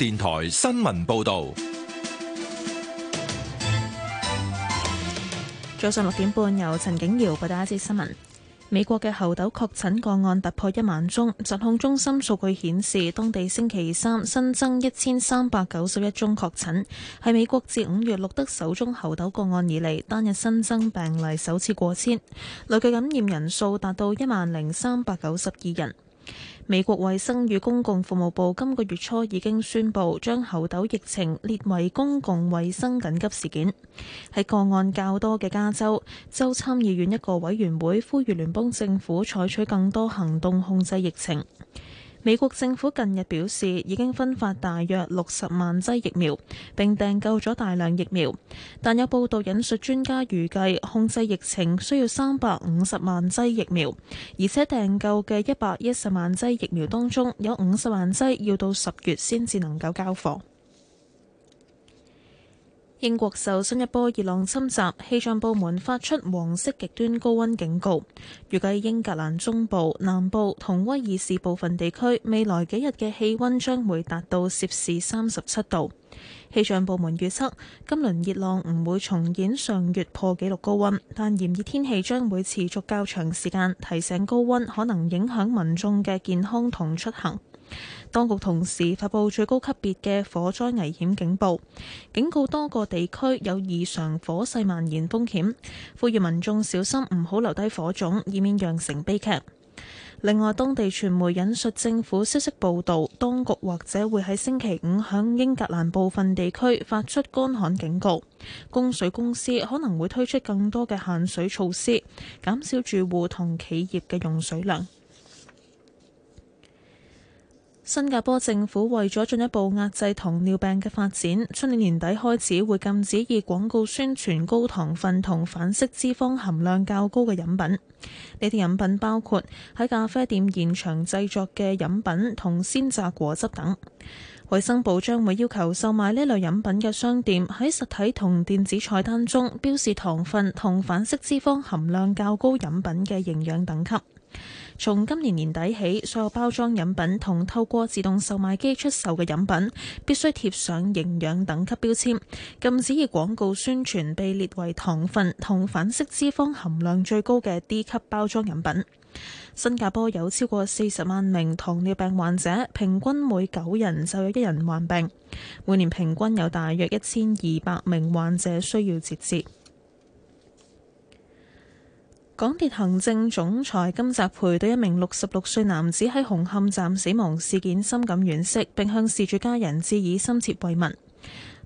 電台新聞報道。早上六點半，由陳景瑤報道一節新聞。美國嘅猴痘確診個案突破一萬宗。疾控中心數據顯示，當地星期三新增一千三百九十一宗確診，係美國自五月錄得首宗猴痘個案以嚟，單日新增病例首次過千，累計感染人數達到一萬零三百九十二人。美國衛生與公共服務部今個月初已經宣布將猴痘疫情列為公共衛生緊急事件。喺個案較多嘅加州，州參議院一個委員會呼籲聯邦政府採取更多行動控制疫情。美國政府近日表示已經分發大約六十萬劑疫苗，並訂購咗大量疫苗。但有報導引述專家預計控制疫情需要三百五十萬劑疫苗，而且訂購嘅一百一十萬劑疫苗當中有五十萬劑要到十月先至能夠交貨。英國受新一波熱浪侵襲，氣象部門發出黃色極端高溫警告。預計英格蘭中部、南部同威爾士部分地區未來幾日嘅氣溫將會達到攝氏三十七度。氣象部門預測，今輪熱浪唔會重演上月破紀錄高溫，但炎熱天氣將會持續較長時間，提醒高溫可能影響民眾嘅健康同出行。當局同時發布最高級別嘅火災危險警報，警告多個地區有異常火勢蔓延風險，呼籲民眾小心，唔好留低火種，以免釀成悲劇。另外，當地傳媒引述政府消息報道，當局或者會喺星期五響英格蘭部分地區發出乾旱警告，供水公司可能會推出更多嘅限水措施，減少住戶同企業嘅用水量。新加坡政府為咗進一步壓制糖尿病嘅發展，出年年底開始會禁止以廣告宣傳高糖分同反式脂肪含量較高嘅飲品。呢啲飲品包括喺咖啡店現場製作嘅飲品同鮮榨果汁等。衛生部將會要求售賣呢類飲品嘅商店喺實體同電子菜單中標示糖分同反式脂肪含量較高飲品嘅營養等級。從今年年底起，所有包裝飲品同透過自動售賣機出售嘅飲品必須貼上營養等級標籤，禁止以廣告宣傳被列為糖分同反式脂肪含量最高嘅 D 級包裝飲品。新加坡有超過四十萬名糖尿病患者，平均每九人就有一人患病，每年平均有大約一千二百名患者需要截肢。港鐵行政總裁金澤培對一名六十六歲男子喺紅磡站死亡事件深感惋惜，並向事主家人致以深切慰問。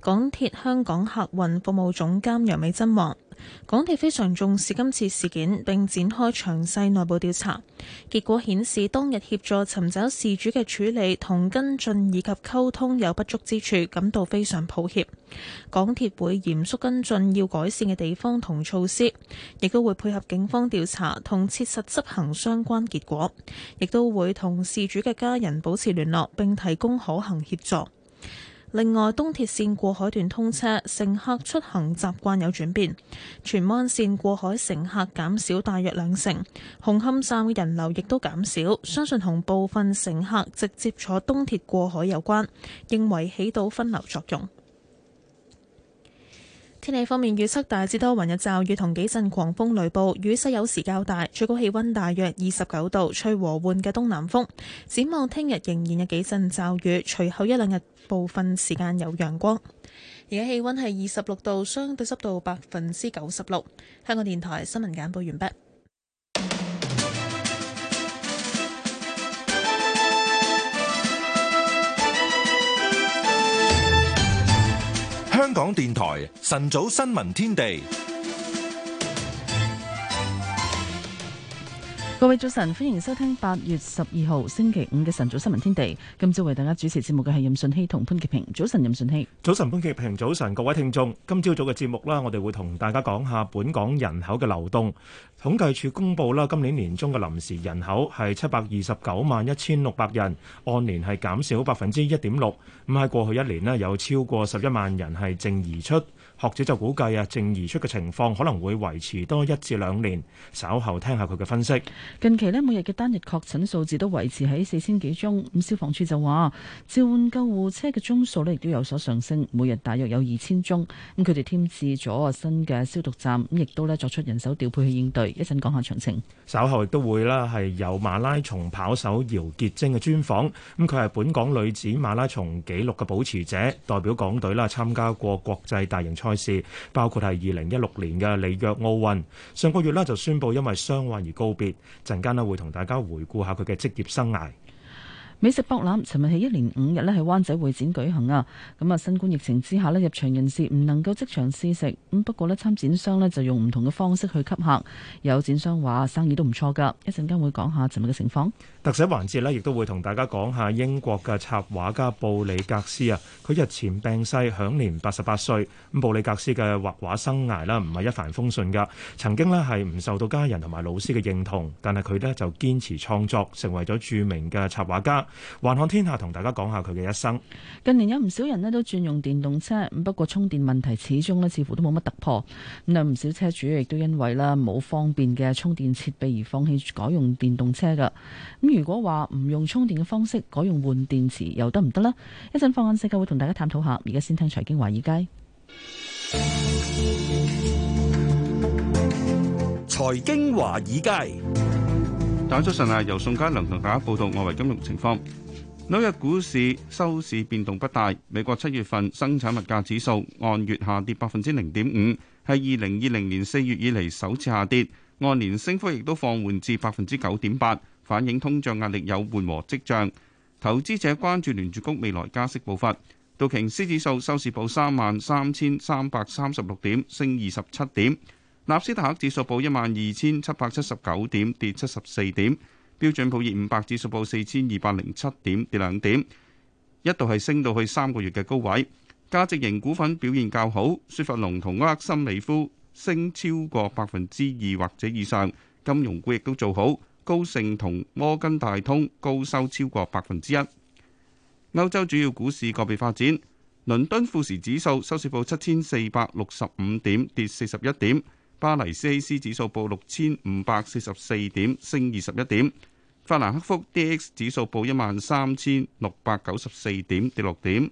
港鐵香港客運服務總監楊美珍話：港鐵非常重視今次事件，並展開詳細內部調查。結果顯示，當日協助尋找事主嘅處理同跟進以及溝通有不足之處，感到非常抱歉。港鐵會嚴肅跟進要改善嘅地方同措施，亦都會配合警方調查同切實執行相關結果，亦都會同事主嘅家人保持聯絡並提供可行協助。另外，東鐵線過海段通車，乘客出行習慣有轉變，荃灣線過海乘客減少大約兩成，紅磡站嘅人流亦都減少，相信同部分乘客直接坐東鐵過海有關，認為起到分流作用。天氣方面預測，大致多雲有驟雨同幾陣狂風雷暴，雨勢有時較大，最高氣溫大約二十九度，吹和緩嘅東南風。展望聽日仍然有幾陣驟雨，隨後一兩日部分時間有陽光。而家氣溫係二十六度，相對濕度百分之九十六。香港電台新聞簡報完畢。香港電台晨早新聞天地。各位早晨，歡迎收聽八月十二號星期五嘅晨早新聞天地。今朝為大家主持節目嘅係任順熙同潘潔平。早晨，任順熙。早晨，潘潔平。早晨，各位聽眾，今朝早嘅節目啦，我哋會同大家講下本港人口嘅流動。統計處公布啦，今年年中嘅臨時人口係七百二十九萬一千六百人，按年係減少百分之一點六。咁喺過去一年呢，有超過十一萬人係淨移出。學者就估計啊，正而出嘅情況可能會維持多一至兩年。稍後聽下佢嘅分析。近期呢，每日嘅單日確診數字都維持喺四千幾宗。咁消防處就話，召喚救護車嘅宗數呢亦都有所上升，每日大約有二千宗。咁佢哋添置咗新嘅消毒站，咁亦都咧作出人手調配去應對。一陣講下詳情。稍後亦都會啦，係由馬拉松跑手姚潔晶嘅專訪。咁佢係本港女子馬拉松紀錄嘅保持者，代表港隊啦參加過國際大型賽。事包括係二零一六年嘅里約奧運，上個月呢，就宣布因為傷患而告別。陣間呢，會同大家回顧下佢嘅職業生涯。美食博覽尋日喺一連五日咧喺灣仔會展舉行啊，咁啊，新冠疫情之下呢，入場人士唔能夠即場試食，咁不過呢，參展商呢，就用唔同嘅方式去吸客。有展商話生意都唔錯噶，會會，一陣間會講下尋日嘅情況。特寫環節呢，亦都會同大家講下英國嘅插畫家布里格斯啊，佢日前病逝，享年八十八歲。布里格斯嘅畫畫生涯啦，唔係一帆風順噶。曾經呢，係唔受到家人同埋老師嘅認同，但係佢呢，就堅持創作，成為咗著名嘅插畫家。環看天下同大家講下佢嘅一生。近年有唔少人呢，都轉用電動車，不過充電問題始終呢，似乎都冇乜突破。咁唔少車主亦都因為呢冇方便嘅充電設備而放棄改用電動車噶。如果話唔用充電嘅方式，改用換電池又得唔得咧？一陣放眼世界，會同大家探討下。而家先聽財經華爾街。財經華爾街，大家早晨啊！由宋佳良同大家報道外圍金融情況。紐約股市收市變動不大，美國七月份生產物價指數按月下跌百分之零點五，係二零二零年四月以嚟首次下跌，按年升幅亦都放緩至百分之九點八。反映通脹壓力有緩和跡象，投資者關注聯儲局未來加息步伐。道瓊斯指數收市報三萬三千三百三十六點，升二十七點；納斯達克指數報一萬二千七百七十九點，跌七十四點；標準普爾五百指數報四千二百零七點，跌兩點。一度係升到去三個月嘅高位。價值型股份表現較好，雪佛龍同埃克森美孚升超過百分之二或者以上。金融股亦都做好。高盛同摩根大通高收超過百分之一。歐洲主要股市個別發展，倫敦富時指數收市報七千四百六十五點，跌四十一點；巴黎 CAC 指數報六千五百四十四點，升二十一點；法蘭克福 DAX 指數報一萬三千六百九十四點，跌六點。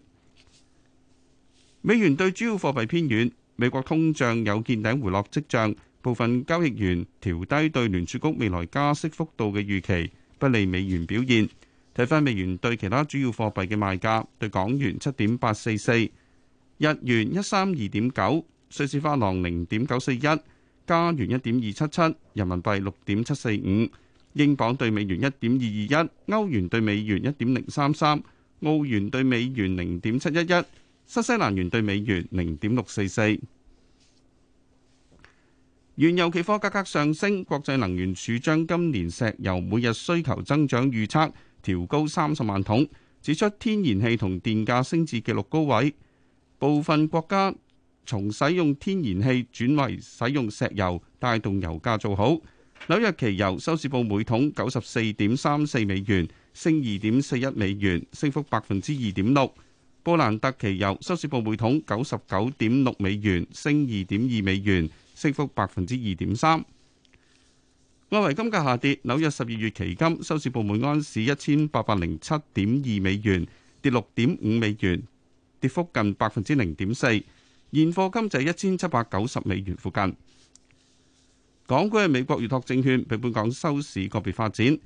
美元對主要貨幣偏軟，美國通脹有見頂回落跡象。部分交易員調低對聯儲局未來加息幅度嘅預期，不利美元表現。睇返美元對其他主要貨幣嘅賣價：對港元七點八四四，日元一三二點九，瑞士法郎零點九四一，加元一點二七七，人民幣六點七四五，英鎊對美元一點二二一，歐元對美元一點零三三，澳元對美元零點七一一，新西蘭元對美元零點六四四。原油期貨價格上升，國際能源署將今年石油每日需求增長預測調高三十萬桶，指出天然氣同電價升至紀錄高位，部分國家從使用天然氣轉為使用石油，帶動油價做好。紐約期油收市報每桶九十四點三四美元，升二點四一美元，升幅百分之二點六。布蘭特期油收市報每桶九十九點六美元，升二點二美元。升幅百分之二點三，外圍金價下跌。紐約十二月期金收市報每安市一千八百零七點二美元，跌六點五美元，跌幅近百分之零點四。現貨金就一千七百九十美元附近。港股嘅美國預託證券，比本港收市個別發展。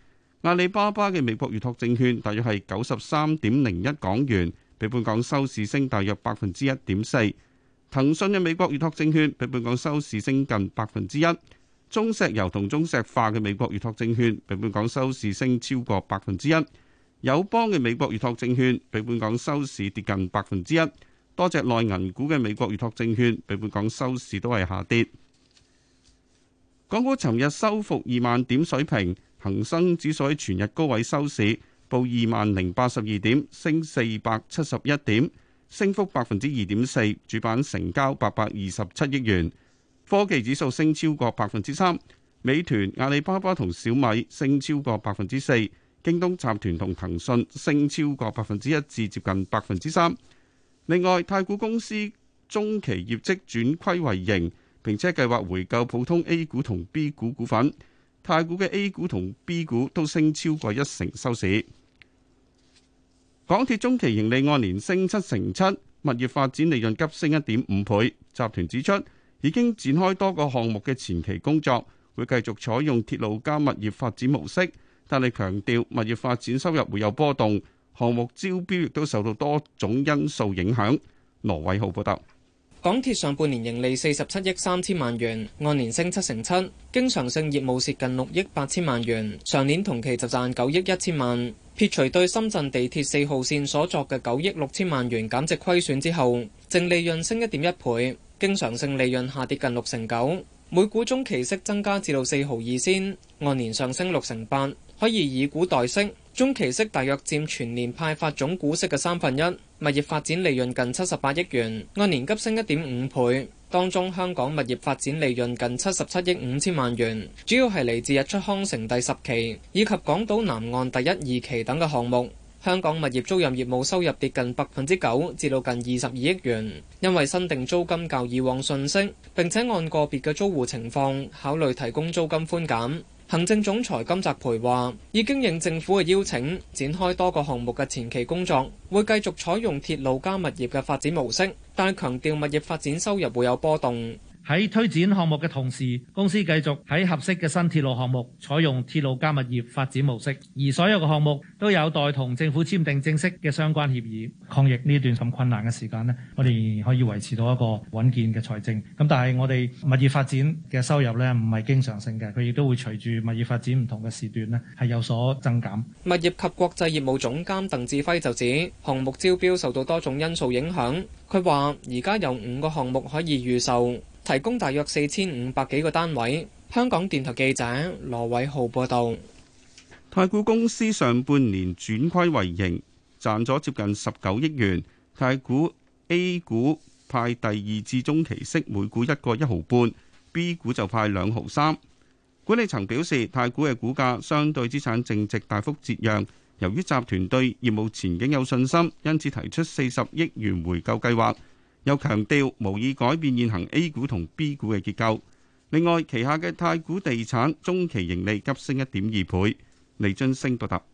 阿里巴巴嘅美國預託證券大約係九十三點零一港元，比本港收市升大約百分之一點四。騰訊嘅美國預託證券比本港收市升近百分之一，中石油同中石化嘅美國預託證券比本港收市升超過百分之一，友邦嘅美國預託證券比本港收市跌近百分之一，多隻內銀股嘅美國預託證券比本港收市都係下跌。港股尋日收復二萬點水平，恒生指數喺全日高位收市報二萬零八十二點，升四百七十一點。升幅百分之二點四，主板成交八百二十七億元。科技指數升超過百分之三，美團、阿里巴巴同小米升超過百分之四，京東集團同騰訊升超過百分之一至接近百分之三。另外，太古公司中期業績轉虧為盈，並且計劃回購普通 A 股同 B 股股份。太古嘅 A 股同 B 股都升超過一成收市。港鐵中期盈利按年升七成七，物業發展利潤急升一點五倍。集團指出，已經展開多個項目嘅前期工作，會繼續採用鐵路加物業發展模式。但係強調，物業發展收入會有波動，項目招標亦都受到多種因素影響。羅偉浩報道。港鐵上半年盈利四十七億三千萬元，按年升七成七。經常性業務蝕近六億八千萬元，上年同期就賺九億一千萬。撇除對深圳地鐵四號線所作嘅九億六千萬元減值虧損之後，淨利潤升一點一倍，經常性利潤下跌近六成九。每股中期息增加至到四毫二仙，按年上升六成八，可以以股代息。中期息大約佔全年派發總股息嘅三分一，物業發展利潤近七十八億元，按年急升一點五倍。當中香港物業發展利潤近七十七億五千萬元，主要係嚟自日出康城第十期以及港島南岸第一二期等嘅項目。香港物業租賃業務收入跌近百分之九，至到近二十二億元，因為新訂租金較以往遜色，並且按個別嘅租戶情況考慮提供租金寬減。行政總裁金澤培話：已經應政府嘅邀請，展開多個項目嘅前期工作，會繼續採用鐵路加物業嘅發展模式，但係強調物業發展收入會有波動。喺推展項目嘅同時，公司繼續喺合適嘅新鐵路項目採用鐵路加物業發展模式，而所有嘅項目都有待同政府簽訂正式嘅相關協議。抗疫呢段咁困難嘅時間呢，我哋仍然可以維持到一個穩健嘅財政。咁但係我哋物業發展嘅收入呢，唔係經常性嘅，佢亦都會隨住物業發展唔同嘅時段呢，係有所增減。物業及國際業務總監鄧志輝就指，項目招標受到多種因素影響。佢話：而家有五個項目可以預售。提供大約四千五百幾個單位。香港電台記者羅偉浩報道。太古公司上半年轉虧為盈，賺咗接近十九億元。太古 A 股派第二至中期息每股一個一毫半，B 股就派兩毫三。管理層表示，太古嘅股價相對資產淨值大幅折讓，由於集團對業務前景有信心，因此提出四十億元回購計劃。又強調無意改變現行 A 股同 B 股嘅結構。另外，旗下嘅太古地產中期盈利急升一點二倍，李津升報道。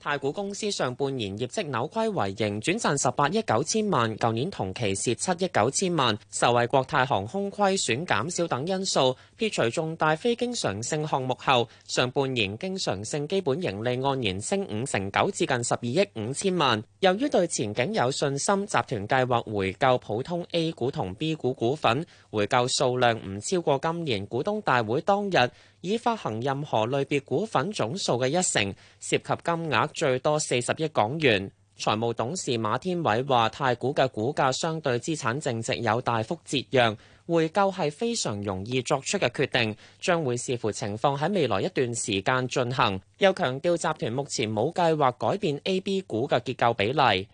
太古公司上半年業績扭虧為盈，轉賺十八億九千萬，舊年同期蝕七億九千萬，受惠國泰航空虧損減少等因素，撇除重大非經常性項目後，上半年經常性基本盈利按年升五成九，至近十二億五千萬，由於對前景有信心，集團計劃回購普通 A 股同 B 股股份，回購數量唔超過今年股東大會當日。已發行任何類別股份總數嘅一成，涉及金額最多四十億港元。財務董事馬天偉話，太古嘅股價相對資產淨值有大幅折讓。回購係非常容易作出嘅決定，將會視乎情況喺未來一段時間進行。又強調集團目前冇計劃改變 AB 股嘅結構比例。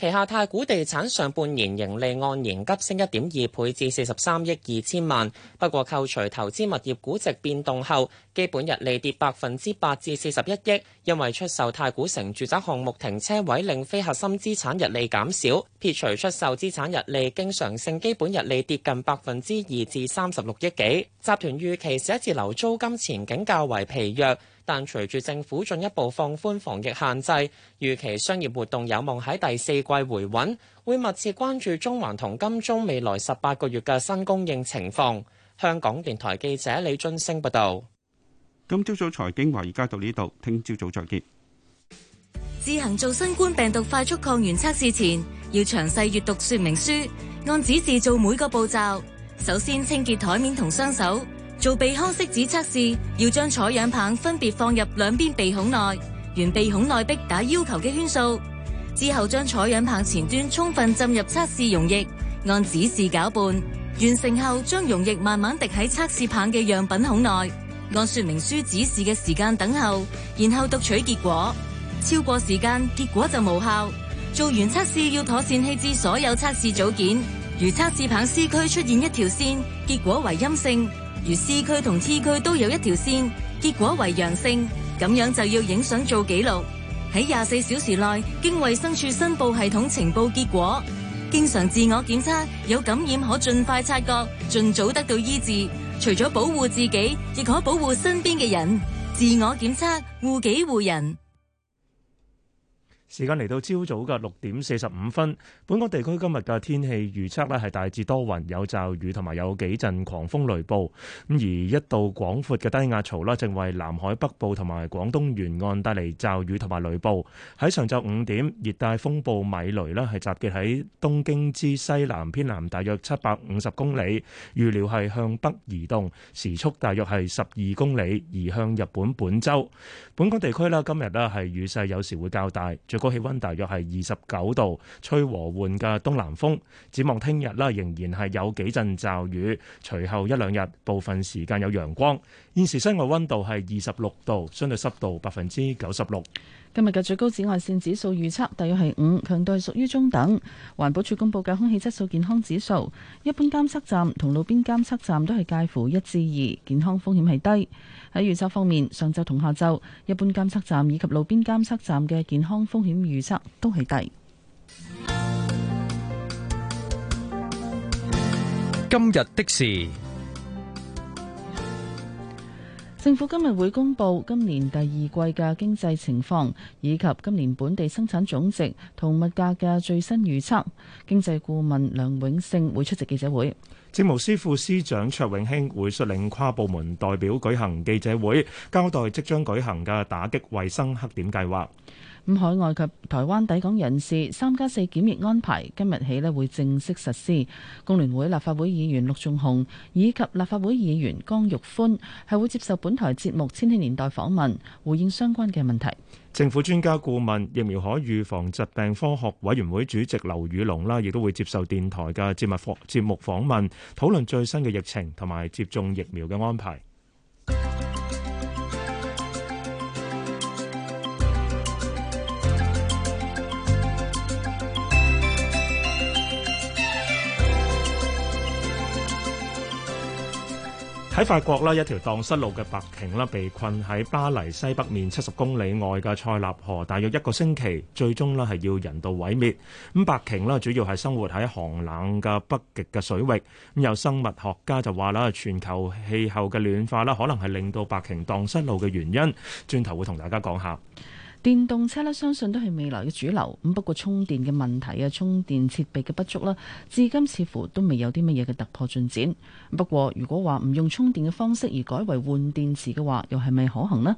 旗下太古地產上半年盈利按年急升一點二倍至四十三億二千萬。不過扣除投資物業估值變動後，基本日利跌百分之八至四十一億，因為出售太古城住宅項目停車位令非核心資產日利減少，撇除出售資產日利，經常性基本日利跌近百分之二至三十六億幾。集團預期寫字樓租金前景較為疲弱。但隨住政府進一步放寬防疫限制，預期商業活動有望喺第四季回穩，會密切關注中環同金鐘未來十八個月嘅新供應情況。香港電台記者李津升報道。今朝早財經話而家到呢度，聽朝早再見。自行做新冠病毒快速抗原測試前，要詳細閱讀說明書，按指示做每個步驟。首先，清潔台面同雙手。做鼻腔拭子測試，要將採樣棒分別放入兩邊鼻孔內，沿鼻孔內壁打要求嘅圈數。之後將採樣棒前端充分浸入測試溶液，按指示攪拌。完成後，將溶液慢慢滴喺測試棒嘅樣品孔內，按說明書指示嘅時間等候，然後讀取結果。超過時間，結果就無效。做完測試，要妥善棄置所有測試組件。如測試棒 C 區出現一條線，結果為陰性。如 C 區同 T 區都有一條線，結果為陽性，咁樣就要影相做記錄，喺廿四小時內經衛生署申報系統呈報結果。經常自我檢測，有感染可盡快察覺，盡早得到醫治。除咗保護自己，亦可保護身邊嘅人。自我檢測，護己護人。時間嚟到朝早嘅六點四十五分，本港地區今日嘅天氣預測呢係大致多雲有驟雨，同埋有幾陣狂風雷暴。咁而一度廣闊嘅低壓槽呢，正為南海北部同埋廣東沿岸帶嚟驟雨同埋雷暴。喺上晝五點，熱帶風暴米雷呢係集結喺東京之西南偏南大約七百五十公里，預料係向北移動，時速大約係十二公里，移向日本本州。本港地區呢，今日呢係雨勢有時會較大。個氣溫大約係二十九度，吹和緩嘅東南風。展望聽日啦，仍然係有幾陣驟雨，隨後一兩日部分時間有陽光。現時室外溫度係二十六度，相對濕度百分之九十六。今日嘅最高紫外線指數預測大約係五，強度係屬於中等。環保署公布嘅空氣質素健康指數，一般監測站同路邊監測站都係介乎一至二，健康風險係低。喺預測方面，上晝同下晝，一般監測站以及路邊監測站嘅健康風險預測都係低。今日的事，政府今日會公布今年第二季嘅經濟情況以及今年本地生產總值同物價嘅最新預測。經濟顧問梁永勝會出席記者會。政務司副司長卓永興會率領跨部門代表舉行記者會，交代即將舉行嘅打擊衛生黑點計劃。咁、嗯、海外及台灣抵港人士三加四檢疫安排，今日起呢會正式實施。工聯會立法會議員陸仲雄以及立法會議員江玉歡係會接受本台節目《千禧年代》訪問，回應相關嘅問題。政府專家顧問、疫苗可預防疾病科學委員會主席劉宇龍啦，亦都會接受電台嘅節目訪節目訪問，討論最新嘅疫情同埋接種疫苗嘅安排。喺法國啦，一條蕩失路嘅白鯨啦，被困喺巴黎西北面七十公里外嘅塞納河，大約一個星期，最終啦係要人道毀滅。咁白鯨啦，主要係生活喺寒冷嘅北極嘅水域。咁有生物學家就話啦，全球氣候嘅暖化啦，可能係令到白鯨蕩失路嘅原因。轉頭會同大家講下。電動車咧，相信都係未來嘅主流。咁不過充電嘅問題啊，充電設備嘅不足啦，至今似乎都未有啲乜嘢嘅突破進展。不過如果話唔用充電嘅方式而改為換電池嘅話，又係咪可行呢？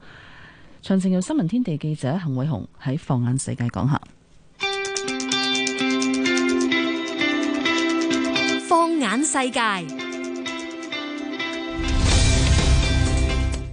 詳情由新聞天地記者幸偉雄喺放眼世界講下。放眼世界。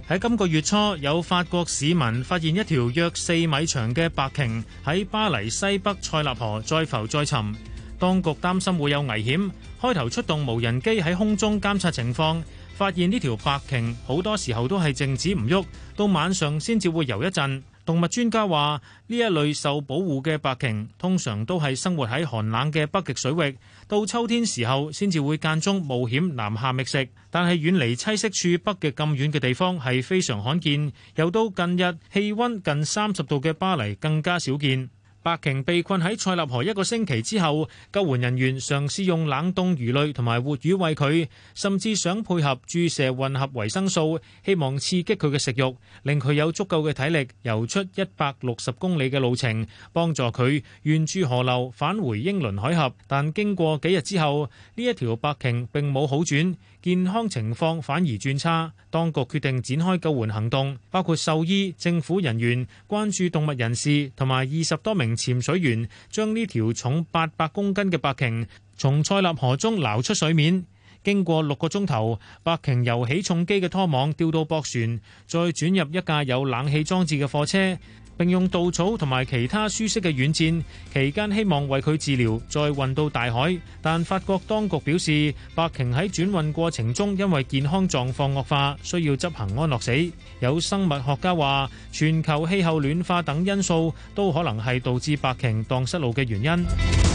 喺今個月初，有法國市民發現一條約四米長嘅白鯨喺巴黎西北塞納河再浮再沉，當局擔心會有危險，開頭出動無人機喺空中監察情況，發現呢條白鯨好多時候都係靜止唔喐，到晚上先至會游一陣。動物專家話：呢一類受保護嘅白鯨，通常都係生活喺寒冷嘅北極水域，到秋天時候先至會間中冒險南下覓食。但係遠離棲息處北極咁遠嘅地方係非常罕見，又到近日氣溫近三十度嘅巴黎更加少見。白鯨被困喺塞納河一個星期之後，救援人員嘗試用冷凍魚類同埋活魚餵佢，甚至想配合注射混合維生素，希望刺激佢嘅食慾，令佢有足夠嘅體力游出一百六十公里嘅路程，幫助佢沿住河流返回英倫海峽。但經過幾日之後，呢一條白鯨並冇好轉。健康情況反而轉差，當局決定展開救援行動，包括獸醫、政府人員、關注動物人士同埋二十多名潛水員將呢條重八百公斤嘅白鯨從塞納河中撈出水面。經過六個鐘頭，白鯨由起重機嘅拖網吊到駁船，再轉入一架有冷氣裝置嘅貨車。並用稻草同埋其他舒適嘅軟墊，期間希望為佢治療，再運到大海。但法國當局表示，白鯨喺轉運過程中因為健康狀況惡化，需要執行安樂死。有生物學家話，全球氣候暖化等因素都可能係導致白鯨蕩失路嘅原因。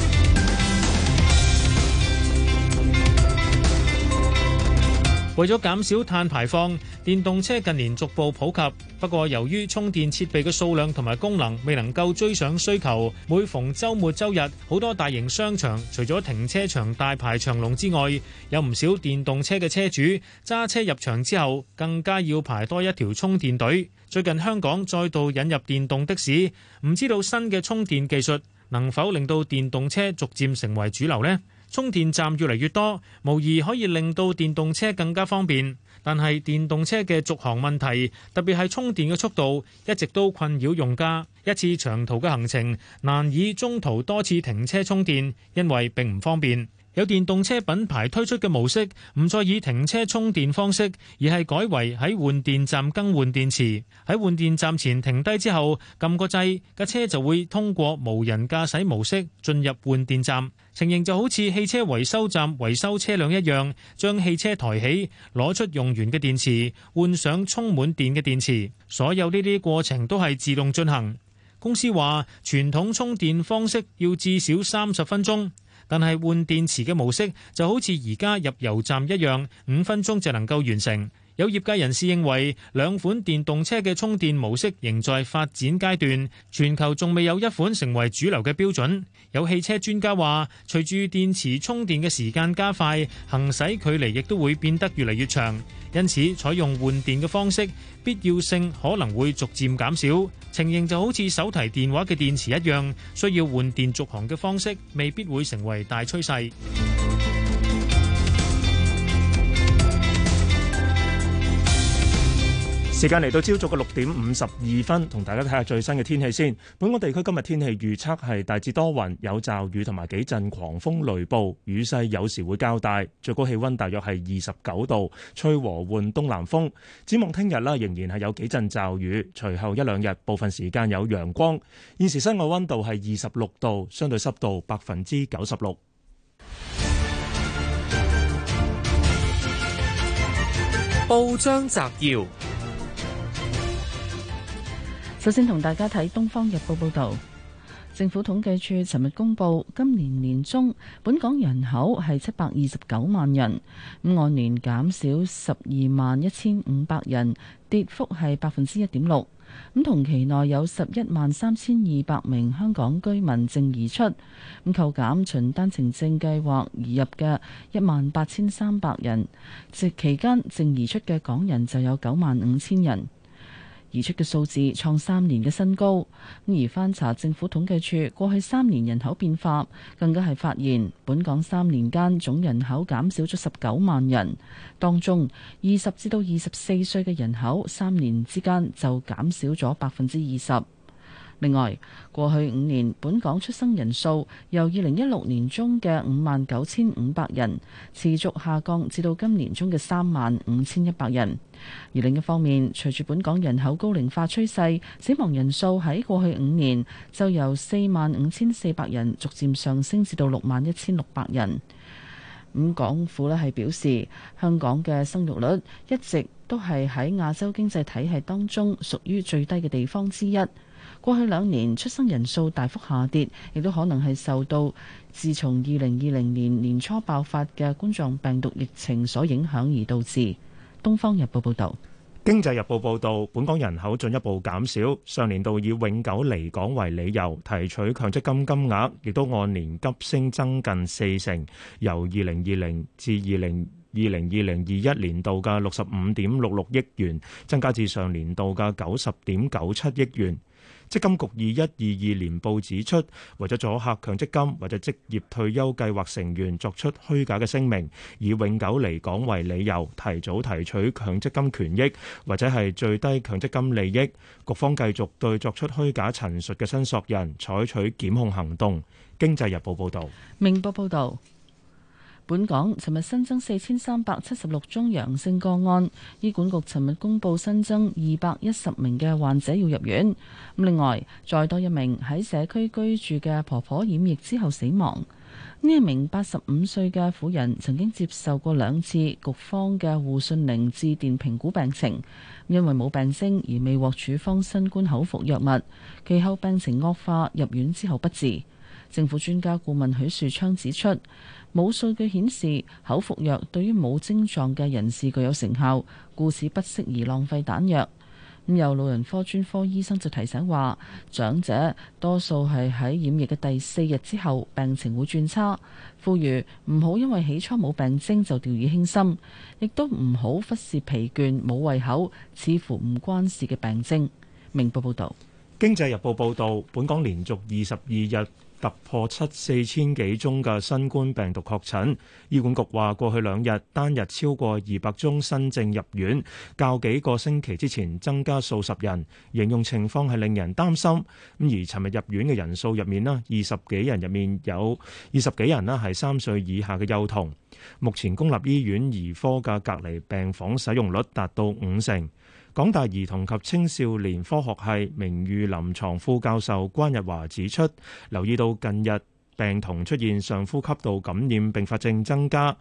為咗減少碳排放，電動車近年逐步普及。不過，由於充電設備嘅數量同埋功能未能夠追上需求，每逢周末周日，好多大型商場除咗停車場大排長龍之外，有唔少電動車嘅車主揸車入場之後，更加要排多一條充電隊。最近香港再度引入電動的士，唔知道新嘅充電技術能否令到電動車逐漸成為主流呢？充電站越嚟越多，無疑可以令到電動車更加方便。但係電動車嘅續航問題，特別係充電嘅速度，一直都困擾用家。一次長途嘅行程，難以中途多次停車充電，因為並唔方便。有電動車品牌推出嘅模式，唔再以停車充電方式，而係改為喺換電站更換電池。喺換電站前停低之後，撳個掣，架車就會通過無人駕駛模式進入換電站。情形就好似汽車維修站維修車輛一樣，將汽車抬起，攞出用完嘅電池，換上充滿電嘅電池。所有呢啲過程都係自動進行。公司話傳統充電方式要至少三十分鐘，但係換電池嘅模式就好似而家入油站一樣，五分鐘就能夠完成。有業界人士認為，兩款電動車嘅充電模式仍在發展階段，全球仲未有一款成為主流嘅標準。有汽車專家話，隨住電池充電嘅時間加快，行駛距離亦都會變得越嚟越長，因此採用換電嘅方式必要性可能會逐漸減少，情形就好似手提電話嘅電池一樣，需要換電續航嘅方式未必會成為大趨勢。時間嚟到朝早嘅六點五十二分，同大家睇下最新嘅天氣先。本港地區今日天氣預測係大致多雲，有驟雨同埋幾陣狂風雷暴，雨勢有時會較大，最高氣溫大約係二十九度，吹和緩東南風。展望聽日啦，仍然係有幾陣驟雨，隨後一兩日部分時間有陽光。現時室外溫度係二十六度，相對濕度百分之九十六。報章摘要。首先同大家睇《東方日報》報道，政府統計處尋日公布，今年年中本港人口係七百二十九萬人，咁按年減少十二萬一千五百人，跌幅係百分之一點六。咁同期內有十一萬三千二百名香港居民淨移出，咁扣減循單程證計劃移入嘅一萬八千三百人，即期間淨移出嘅港人就有九萬五千人。而出嘅數字創三年嘅新高，而翻查政府統計處過去三年人口變化，更加係發現本港三年間總人口減少咗十九萬人，當中二十至到二十四歲嘅人口三年之間就減少咗百分之二十。另外，過去五年本港出生人數由二零一六年中嘅五萬九千五百人持續下降，至到今年中嘅三萬五千一百人。而另一方面，隨住本港人口高齡化趨勢，死亡人數喺過去五年就由四萬五千四百人逐漸上升至到六萬一千六百人。咁港府呢係表示，香港嘅生育率一直都係喺亞洲經濟體系當中屬於最低嘅地方之一。過去兩年出生人數大幅下跌，亦都可能係受到自從二零二零年年初爆發嘅冠狀病毒疫情所影響而導致。《東方日報》報導，《經濟日報》報導，本港人口進一步減少，上年度以永久離港為理由提取強積金金額，亦都按年急升，增近四成，由二零二零至二零二零二零二一年度嘅六十五點六六億元，增加至上年度嘅九十點九七億元。積金局二一二二年報指出，為咗阻嚇強積金或者職業退休計劃成員作出虛假嘅聲明，以永久離港為理由提早提取強積金權益或者係最低強積金利益，局方繼續對作出虛假陳述嘅申索人採取檢控行動。經濟日報報道，明報報道。本港尋日新增四千三百七十六宗陽性個案，醫管局尋日公布新增二百一十名嘅患者要入院。咁另外再多一名喺社區居住嘅婆婆染疫之後死亡。呢一名八十五歲嘅婦人曾經接受過兩次局方嘅護訊鈴致電評估病情，因為冇病徵而未獲處方新冠口服藥物，其後病情惡化入院之後不治。政府專家顧問許樹昌指出。冇數據顯示口服藥對於冇症狀嘅人士具有成效，故此不適宜浪費彈藥。咁有老人科專科醫生就提醒話，長者多數係喺染疫嘅第四日之後病情會轉差，呼籲唔好因為起初冇病徵就掉以輕心，亦都唔好忽視疲倦、冇胃口、似乎唔關事嘅病徵。明報報導，《經濟日報》報導，本港連續二十二日。突破七萬四千幾宗嘅新冠病毒確診，醫管局話過去兩日單日超過二百宗新症入院，較幾個星期之前增加數十人，形容情況係令人擔心。咁而尋日入院嘅人數入面咧，二十幾人入面有二十幾人咧係三歲以下嘅幼童。目前公立醫院兒科嘅隔離病房使用率達到五成。港大兒童及青少年科學系名譽臨床副教授關日華指出，留意到近日病童出現上呼吸道感染併發症增加，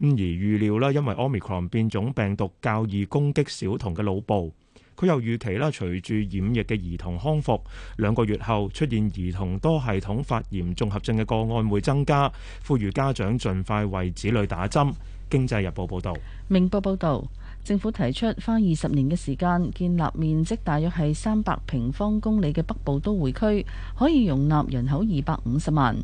而預料啦，因為 Omicron 變種病毒較易攻擊小童嘅腦部。佢又預期啦，隨住染疫嘅兒童康復，兩個月後出現兒童多系統發炎綜合症嘅個案會增加，呼籲家長儘快為子女打針。經濟日報報道。明報報道。政府提出花二十年嘅時間建立面積大約係三百平方公里嘅北部都會區，可以容納人口二百五十萬。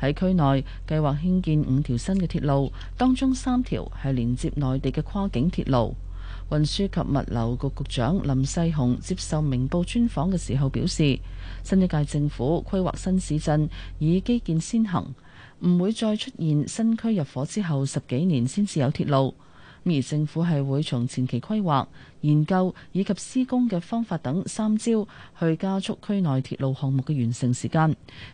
喺區內計劃興建五條新嘅鐵路，當中三條係連接內地嘅跨境鐵路。運輸及物流局局長林世雄接受明報專訪嘅時候表示，新一屆政府規劃新市鎮以基建先行，唔會再出現新區入伙之後十幾年先至有鐵路。而政府係會從前期規劃、研究以及施工嘅方法等三招去加速區內鐵路項目嘅完成時間。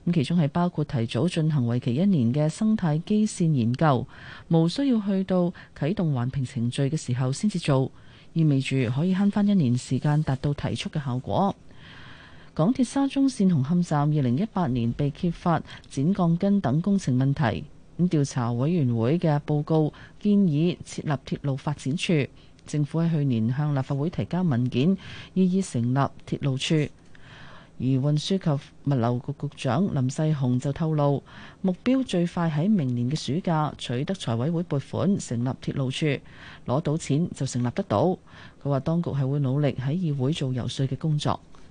咁其中係包括提早進行為期一年嘅生態基線研究，無需要去到啟動環評程序嘅時候先至做，意味住可以慳翻一年時間達到提速嘅效果。港鐵沙中線紅磡站二零一八年被揭發剪鋼筋等工程問題。咁調查委員會嘅報告建議設立鐵路發展處，政府喺去年向立法會提交文件，意意成立鐵路處。而運輸及物流局局長林世雄就透露，目標最快喺明年嘅暑假取得財委會撥款，成立鐵路處，攞到錢就成立得到。佢話當局係會努力喺議會做遊說嘅工作。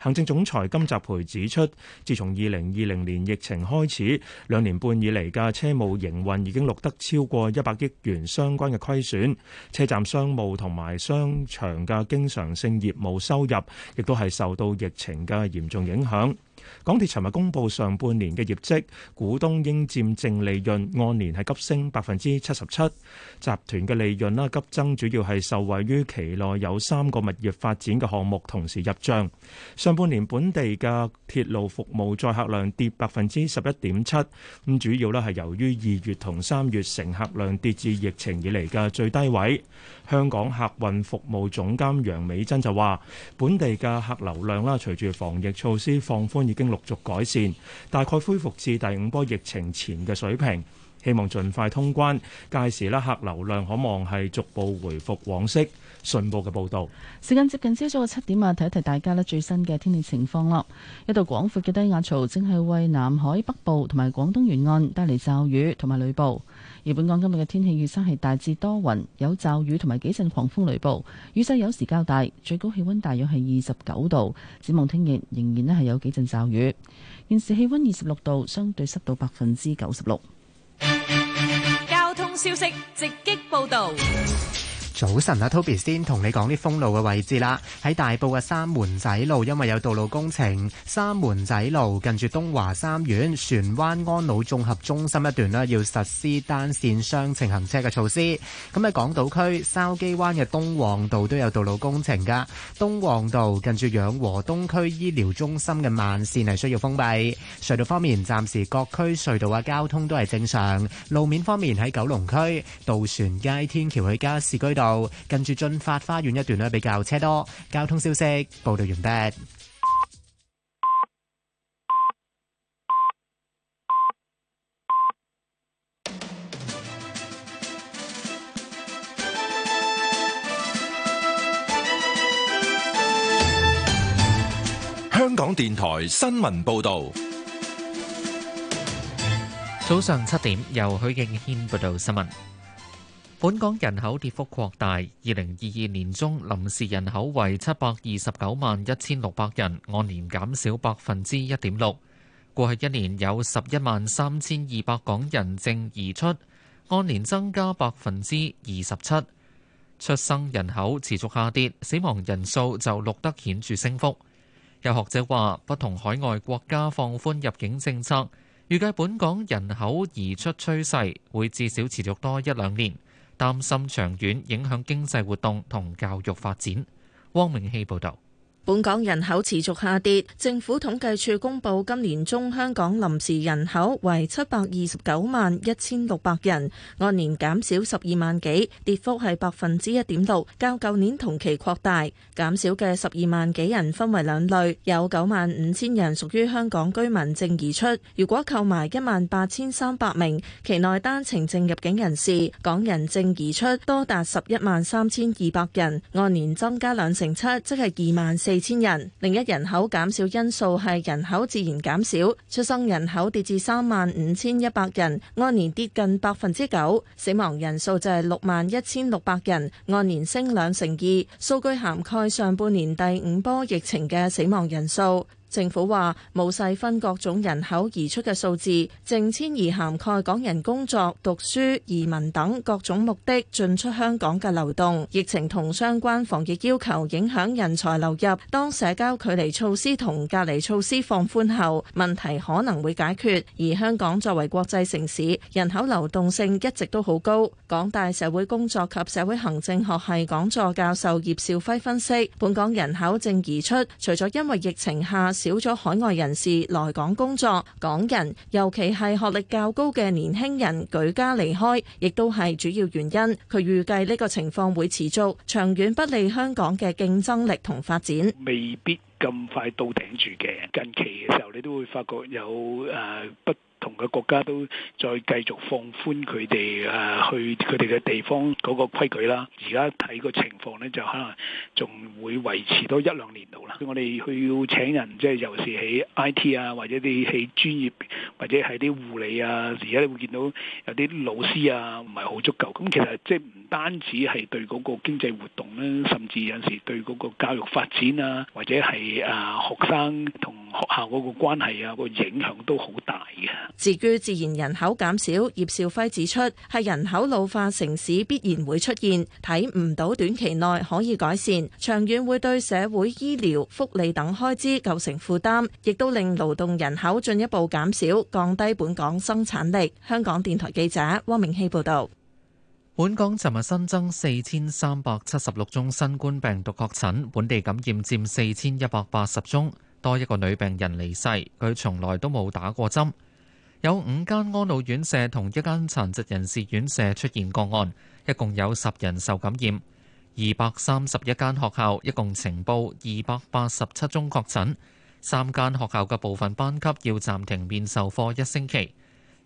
行政總裁金澤培指出，自從2020年疫情開始，兩年半以嚟嘅車務營運已經錄得超過100億元相關嘅虧損，車站商務同埋商場嘅經常性業務收入，亦都係受到疫情嘅嚴重影響。港鐵尋日公佈上半年嘅業績，股東應佔淨利潤按年係急升百分之七十七，集團嘅利潤啦急增，主要係受惠於期內有三個物業發展嘅項目同時入帳。上半年本地嘅鐵路服務載客量跌百分之十一點七，咁主要呢，係由於二月同三月乘客量跌至疫情以嚟嘅最低位。香港客運服務總監楊美珍就話，本地嘅客流量啦，隨住防疫措施放寬已經陸續改善，大概恢復至第五波疫情前嘅水平。希望盡快通關，屆時啦客流量可望係逐步回復往昔。信報嘅報道，時間接近朝早嘅七點啊，提一提大家咧，最新嘅天氣情況啦。一道廣闊嘅低壓槽正係為南海北部同埋廣東沿岸帶嚟驟雨同埋雷暴。而本港今日嘅天氣預測係大致多雲，有驟雨同埋幾陣狂風雷暴，雨勢有時較大，最高氣温大約係二十九度。展望聽日仍然呢，係有幾陣驟雨。現時氣温二十六度，相對濕度百分之九十六。交通消息直擊報道。早晨啊，Toby 先同你講啲封路嘅位置啦。喺大埔嘅三門仔路，因為有道路工程，三門仔路近住東華三院船灣安老綜合中心一段咧，要實施單線雙程行車嘅措施。咁喺港島區筲箕灣嘅東旺道都有道路工程噶，東旺道近住養和東區醫療中心嘅慢線係需要封閉。隧道方面，暫時各區隧道嘅交通都係正常。路面方面，喺九龍區渡船街天橋去加士居道。近住駿發花園一段咧比較車多，交通消息報道完畢。香港電台新聞報道，早上七點由許敬軒報道新聞。本港人口跌幅擴大，二零二二年中臨時人口為七百二十九萬一千六百人，按年減少百分之一點六。過去一年有十一萬三千二百港人淨移出，按年增加百分之二十七。出生人口持續下跌，死亡人數就錄得顯著升幅。有學者話不同海外國家放寬入境政策，預計本港人口移出趨勢會至少持續多一兩年。擔心長遠影響經濟活動同教育發展。汪明希報導。本港人口持續下跌，政府統計處公布今年中香港臨時人口為七百二十九萬一千六百人，按年減少十二萬幾，跌幅係百分之一點六，較舊年同期擴大。減少嘅十二萬幾人分為兩類，有九萬五千人屬於香港居民淨移出，如果購買一萬八千三百名，期內單程證入境人士，港人淨移出多達十一萬三千二百人，按年增加兩成七，即係二萬四二千人，另一人口減少因素係人口自然減少，出生人口跌至三萬五千一百人，按年跌近百分之九；死亡人數就係六萬一千六百人，按年升兩成二。數據涵蓋上半年第五波疫情嘅死亡人數。政府話冇細分各種人口移出嘅數字，淨遷移涵蓋港人工作、讀書、移民等各種目的進出香港嘅流動。疫情同相關防疫要求影響人才流入，當社交距離措施同隔離措施放寬後，問題可能會解決。而香港作為國際城市，人口流動性一直都好高。港大社會工作及社會行政學系講座教授葉兆輝分析，本港人口正移出，除咗因為疫情下，少咗海外人士來港工作，港人尤其係學歷較高嘅年輕人舉家離開，亦都係主要原因。佢預計呢個情況會持續，長遠不利香港嘅競爭力同發展。未必咁快到頂住嘅，近期嘅時候你都會發覺有誒不。呃同嘅國家都再繼續放寬佢哋誒去佢哋嘅地方嗰個規矩啦。而家睇個情況咧，就可能仲會維持多一兩年度啦。我哋去要請人，即係尤其喺 I T 啊，或者啲喺專業或者係啲護理啊，而家你會見到有啲老師啊，唔係好足夠。咁其實即係單止係對嗰個經濟活動咧，甚至有時對嗰個教育發展啊，或者係啊學生同學校嗰個關係啊，個影響都好大嘅。至於自然人口減少，葉兆輝指出係人口老化城市必然會出現，睇唔到短期內可以改善，長遠會對社會醫療、福利等開支構成負擔，亦都令勞動人口進一步減少，降低本港生產力。香港電台記者汪明熙報導。本港尋日新增四千三百七十六宗新冠病毒確診，本地感染佔四千一百八十宗，多一個女病人離世，佢從來都冇打過針。有五間安老院舍同一間殘疾人士院舍出現個案，一共有十人受感染。二百三十一間學校一共呈報二百八十七宗確診，三間學校嘅部分班級要暫停面授課一星期。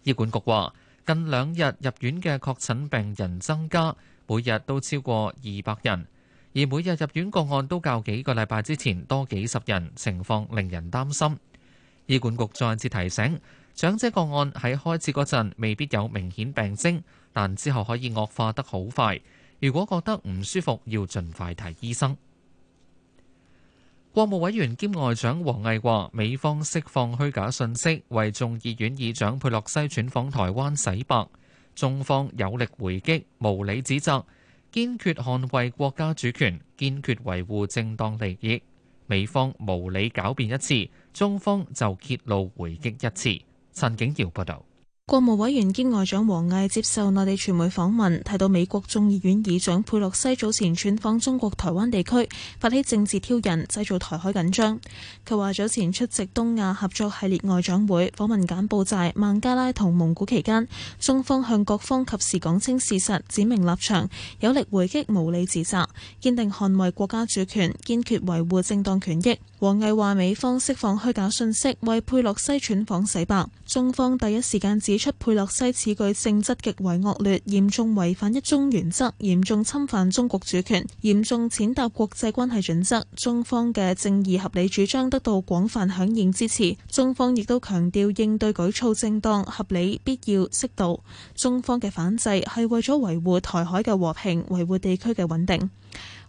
醫管局話。近兩日入院嘅確診病人增加，每日都超過二百人，而每日入院個案都較幾個禮拜之前多幾十人，情況令人擔心。醫管局再次提醒，長者個案喺開始嗰陣未必有明顯病徵，但之後可以惡化得好快。如果覺得唔舒服，要盡快睇醫生。國務委員兼外長王毅話：美方釋放虛假信息，為眾議院議長佩洛西竄訪台灣洗白，中方有力回擊無理指責，堅決捍衛國家主權，堅決維護正當利益。美方無理狡辯一次，中方就揭露回擊一次。陳景瑤報道。國務委員兼外長王毅接受內地傳媒訪問，提到美國眾議院議長佩洛西早前竄訪中國台灣地區，發起政治挑釁，製造台海緊張。佢話早前出席東亞合作系列外長會，訪問柬埔寨、孟加拉同蒙古期間，中方向各方及時講清事實，指明立場，有力回擊無理指責，堅定捍衛國家主權，堅決維護正當權益。王毅話美方釋放虛假信息，為佩洛西串訪洗白，中方第一時間指出佩洛西此舉性質極為惡劣，嚴重違反一中原則，嚴重侵犯中國主權，嚴重踐踏國際關係準則，中方嘅正義合理主張得到廣泛響應支持，中方亦都強調應對舉措正當、合理、必要、適度。中方嘅反制係為咗維護台海嘅和平，維護地區嘅穩定。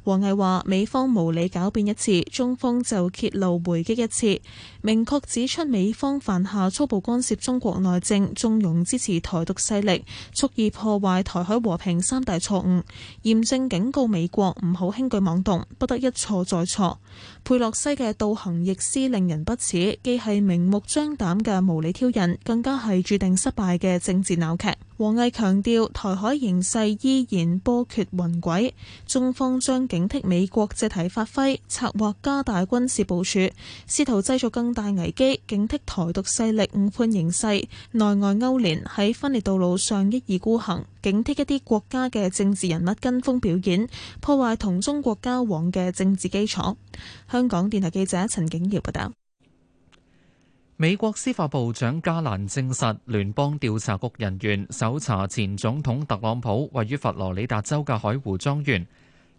王毅話：美方無理狡辯一次，中方就揭露回擊一次。明確指出美方犯下粗暴干涉中國內政、縱容支持台獨勢力、蓄意破壞台海和平三大錯誤，嚴正警告美國唔好輕舉妄動，不得一錯再錯。佩洛西嘅倒行逆施令人不齒，既係明目張膽嘅無理挑釁，更加係注定失敗嘅政治鬧劇。王毅強調，台海形勢依然波譎雲詭，中方將警惕美國借題發揮，策劃加大軍事部署，試圖製造更。大危機，警惕台獨勢力誤判形勢，內外勾連喺分裂道路上一意孤行，警惕一啲國家嘅政治人物跟風表演，破壞同中國交往嘅政治基礎。香港電台記者陳景耀報道。美國司法部長加蘭證實，聯邦調查局人員搜查前總統特朗普位於佛羅里達州嘅海湖莊園。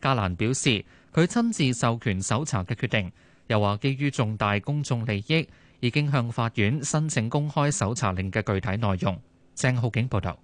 加蘭表示，佢親自授權搜查嘅決定。又話，基於重大公眾利益，已經向法院申請公開搜查令嘅具體內容。鄭浩景報道。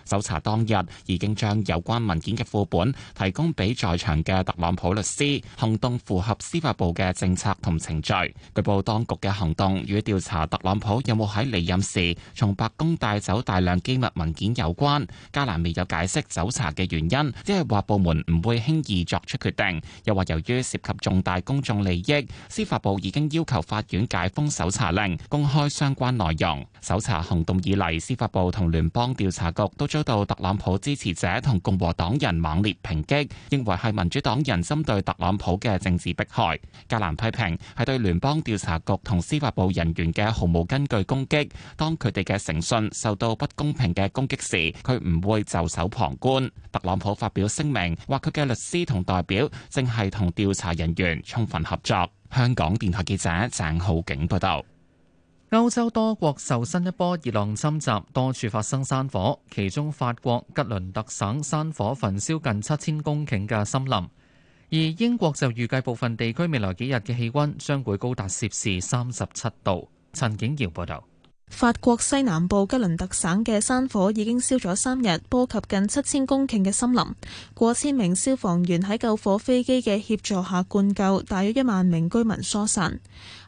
搜查當日已經將有關文件嘅副本提供俾在場嘅特朗普律師，行動符合司法部嘅政策同程序。據報當局嘅行動與調查特朗普有冇喺離任時從白宮帶走大量機密文件有關。加蘭未有解釋搜查嘅原因，只係話部門唔會輕易作出決定，又話由於涉及重大公眾利益，司法部已經要求法院解封搜查令，公開相關內容。搜查行動以嚟，司法部同聯邦調查局都，遭到特朗普支持者同共和黨人猛烈抨擊，認為係民主黨人針對特朗普嘅政治迫害。加蘭批評係對聯邦調查局同司法部人員嘅毫無根據攻擊。當佢哋嘅誠信受到不公平嘅攻擊時，佢唔會袖手旁觀。特朗普發表聲明話：佢嘅律師同代表正係同調查人員充分合作。香港電台記者鄭浩景報道。歐洲多國受新一波熱浪侵襲，多處發生山火，其中法國吉倫特省山火焚燒近七千公頃嘅森林，而英國就預計部分地區未來幾日嘅氣溫將會高達攝氏三十七度。陳景堯報道：法國西南部吉倫特省嘅山火已經燒咗三日，波及近七千公頃嘅森林，過千名消防員喺救火飛機嘅協助下，灌救大約一萬名居民疏散。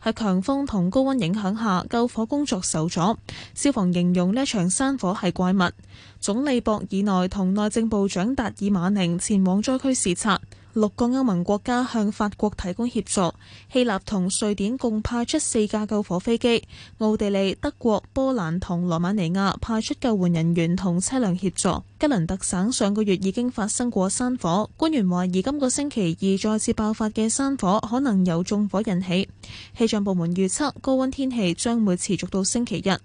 喺強風同高溫影響下，救火工作受阻。消防形容呢場山火係怪物。總理博爾內同內政部長達爾馬寧前往災區視察。六個歐盟國家向法國提供協助，希臘同瑞典共派出四架救火飛機，奧地利、德國、波蘭同羅馬尼亞派出救援人員同車輛協助。吉倫特省上個月已經發生過山火，官員懷疑今個星期二再次爆發嘅山火可能由縱火引起。氣象部門預測高温天氣將會持續到星期日。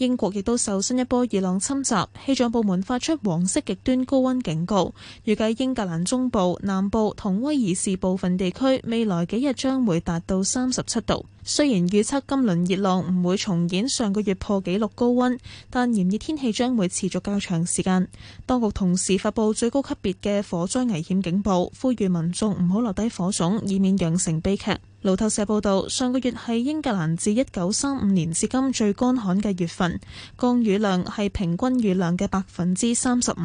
英國亦都受新一波熱浪侵襲，氣象部門發出黃色極端高温警告，預計英格蘭中部、南部同威爾士部分地區未來幾日將會達到三十七度。雖然預測今輪熱浪唔會重演上個月破紀錄高温，但炎熱天氣將會持續較長時間。當局同時發布最高級別嘅火災危險警報，呼籲民眾唔好留低火種，以免釀成悲劇。路透社報道，上個月係英格蘭自一九三五年至今最乾旱嘅月份，降雨量係平均雨量嘅百分之三十五。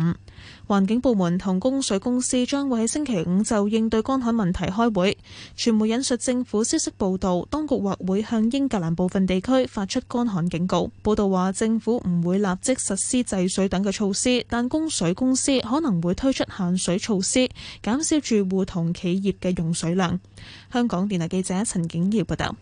環境部門同供水公司將會喺星期五就應對乾旱問題開會，傳媒引述政府消息報道，當局或會向英格蘭部分地區發出乾旱警告。報道話政府唔會立即實施制水等嘅措施，但供水公司可能會推出限水措施，減少住戶同企業嘅用水量。香港電台記。記者陳景耀報道。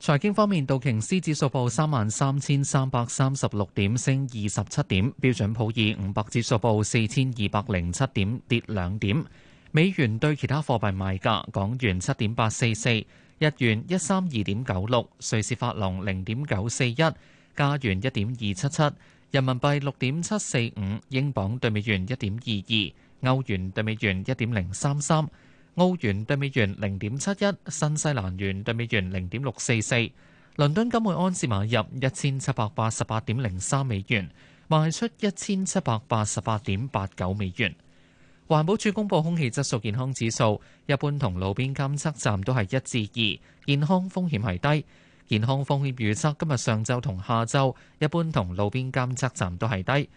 財經方面，道瓊斯指數報三萬三千三百三十六點，升二十七點；標準普爾五百指數報四千二百零七點，跌兩點。美元對其他貨幣賣價：港元七點八四四，日元一三二點九六，瑞士法郎零點九四一，加元一點二七七，人民幣六點七四五，英鎊兌美元一點二二，歐元兌美元一點零三三。澳元兌美元零點七一，新西蘭元兌美元零點六四四。倫敦金每安士買入一千七百八十八點零三美元，賣出一千七百八十八點八九美元。環保署公布空氣質素健康指數，一般同路邊監測站都係一至二，健康風險係低。健康風險預測今日上晝同下晝，一般同路邊監測站都係低。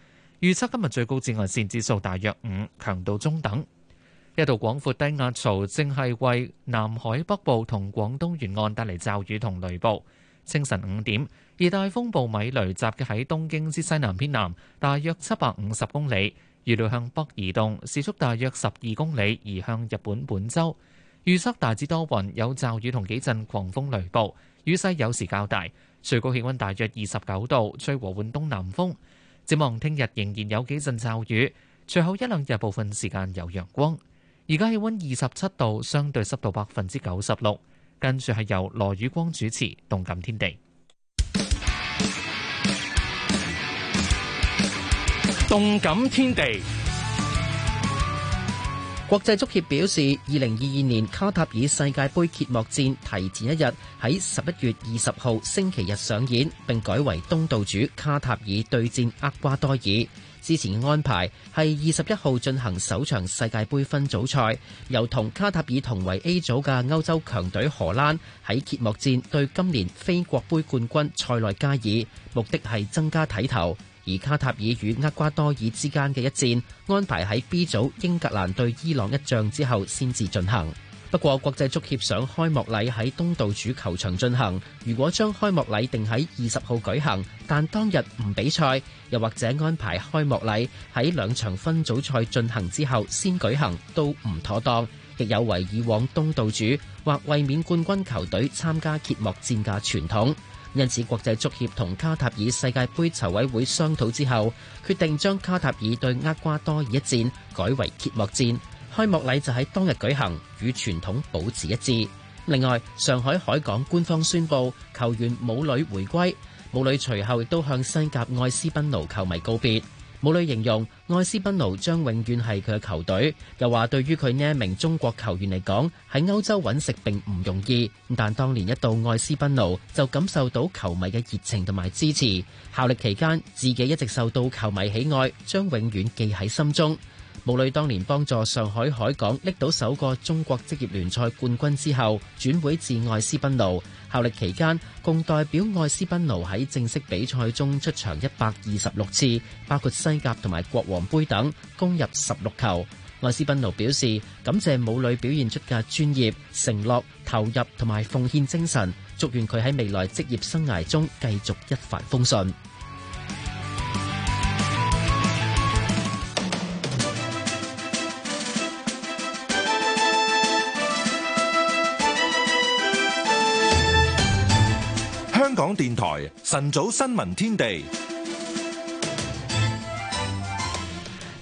預測今日最高紫外線指數大約五，強度中等。一道廣闊低壓槽正係為南海北部同廣東沿岸帶嚟驟雨同雷暴。清晨五點，熱帶風暴米雷集結喺東京之西南偏南，大約七百五十公里，預料向北移動，時速大約十二公里，移向日本本州。預測大致多雲，有驟雨同幾陣狂風雷暴，雨勢有時較大。最高氣温大約二十九度，吹和緩東南風。展望聽日仍然有幾陣驟雨，隨後一兩日部分時間有陽光。而家氣溫二十七度，相對濕度百分之九十六。跟住係由羅宇光主持《動感天地》。《動感天地》，國際足協表示，二零二二年卡塔爾世界盃揭幕戰提前一日，喺十一月二十號星期日上演，並改為東道主卡塔爾對戰厄瓜多爾。之前嘅安排係二十一號進行首場世界杯分組賽，由同卡塔爾同為 A 組嘅歐洲強隊荷蘭喺揭幕戰對今年非國杯冠軍塞內加爾，目的係增加睇頭，而卡塔爾與厄瓜多爾之間嘅一戰安排喺 B 組英格蘭對伊朗一仗之後先至進行。不過，國際足協想開幕禮喺東道主球場進行。如果將開幕禮定喺二十號舉行，但當日唔比賽，又或者安排開幕禮喺兩場分組賽進行之後先舉行，都唔妥當。亦有違以往東道主或衛冕冠，冠軍球隊參加揭幕戰嘅傳統。因此，國際足協同卡塔爾世界盃籌委會商討之後，決定將卡塔爾對厄瓜多爾一戰改為揭幕戰。開幕禮就喺當日舉行，與傳統保持一致。另外，上海海港官方宣布球員武磊回歸，武磊隨後亦都向西甲愛斯賓奴球迷告別。武磊形容愛斯賓奴將永遠係佢嘅球隊，又話對於佢呢一名中國球員嚟講，喺歐洲揾食並唔容易。但當年一到愛斯賓奴就感受到球迷嘅熱情同埋支持，效力期間自己一直受到球迷喜愛，將永遠記喺心中。姆磊當年幫助上海海港拎到首個中國職業聯賽冠軍之後，轉會至愛斯賓奴。效力期間，共代表愛斯賓奴喺正式比賽中出場一百二十六次，包括西甲同埋國王盃等，攻入十六球。愛斯賓奴表示感謝武磊表現出嘅專業、承諾、投入同埋奉獻精神，祝願佢喺未來職業生涯中繼續一帆風順。香港電台晨早新聞天地，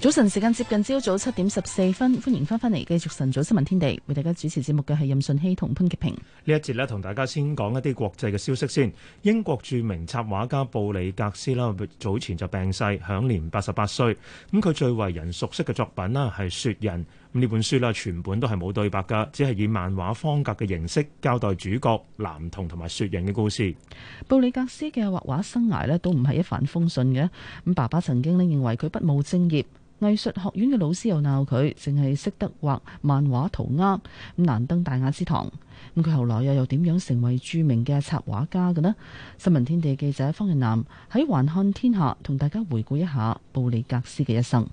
早晨時間接近朝早七點十四分，歡迎翻返嚟繼續晨早新聞天地。為大家主持節目嘅係任順希同潘潔平。呢一節呢，同大家先講一啲國際嘅消息先。英國著名插畫家布里格斯啦，早前就病逝，享年八十八歲。咁佢最為人熟悉嘅作品啦，係《雪人》。呢本書呢，全本都係冇對白噶，只係以漫畫方格嘅形式交代主角男童同埋雪人嘅故事。布里格斯嘅畫畫生涯呢，都唔係一帆風順嘅。咁爸爸曾經咧認為佢不務正業，藝術學院嘅老師又鬧佢，淨係識得畫漫畫塗鴉，咁難登大雅之堂。咁佢後來又又點樣成為著名嘅插畫家嘅呢？新聞天地記者方仁南喺《環漢天下》同大家回顧一下布里格斯嘅一生。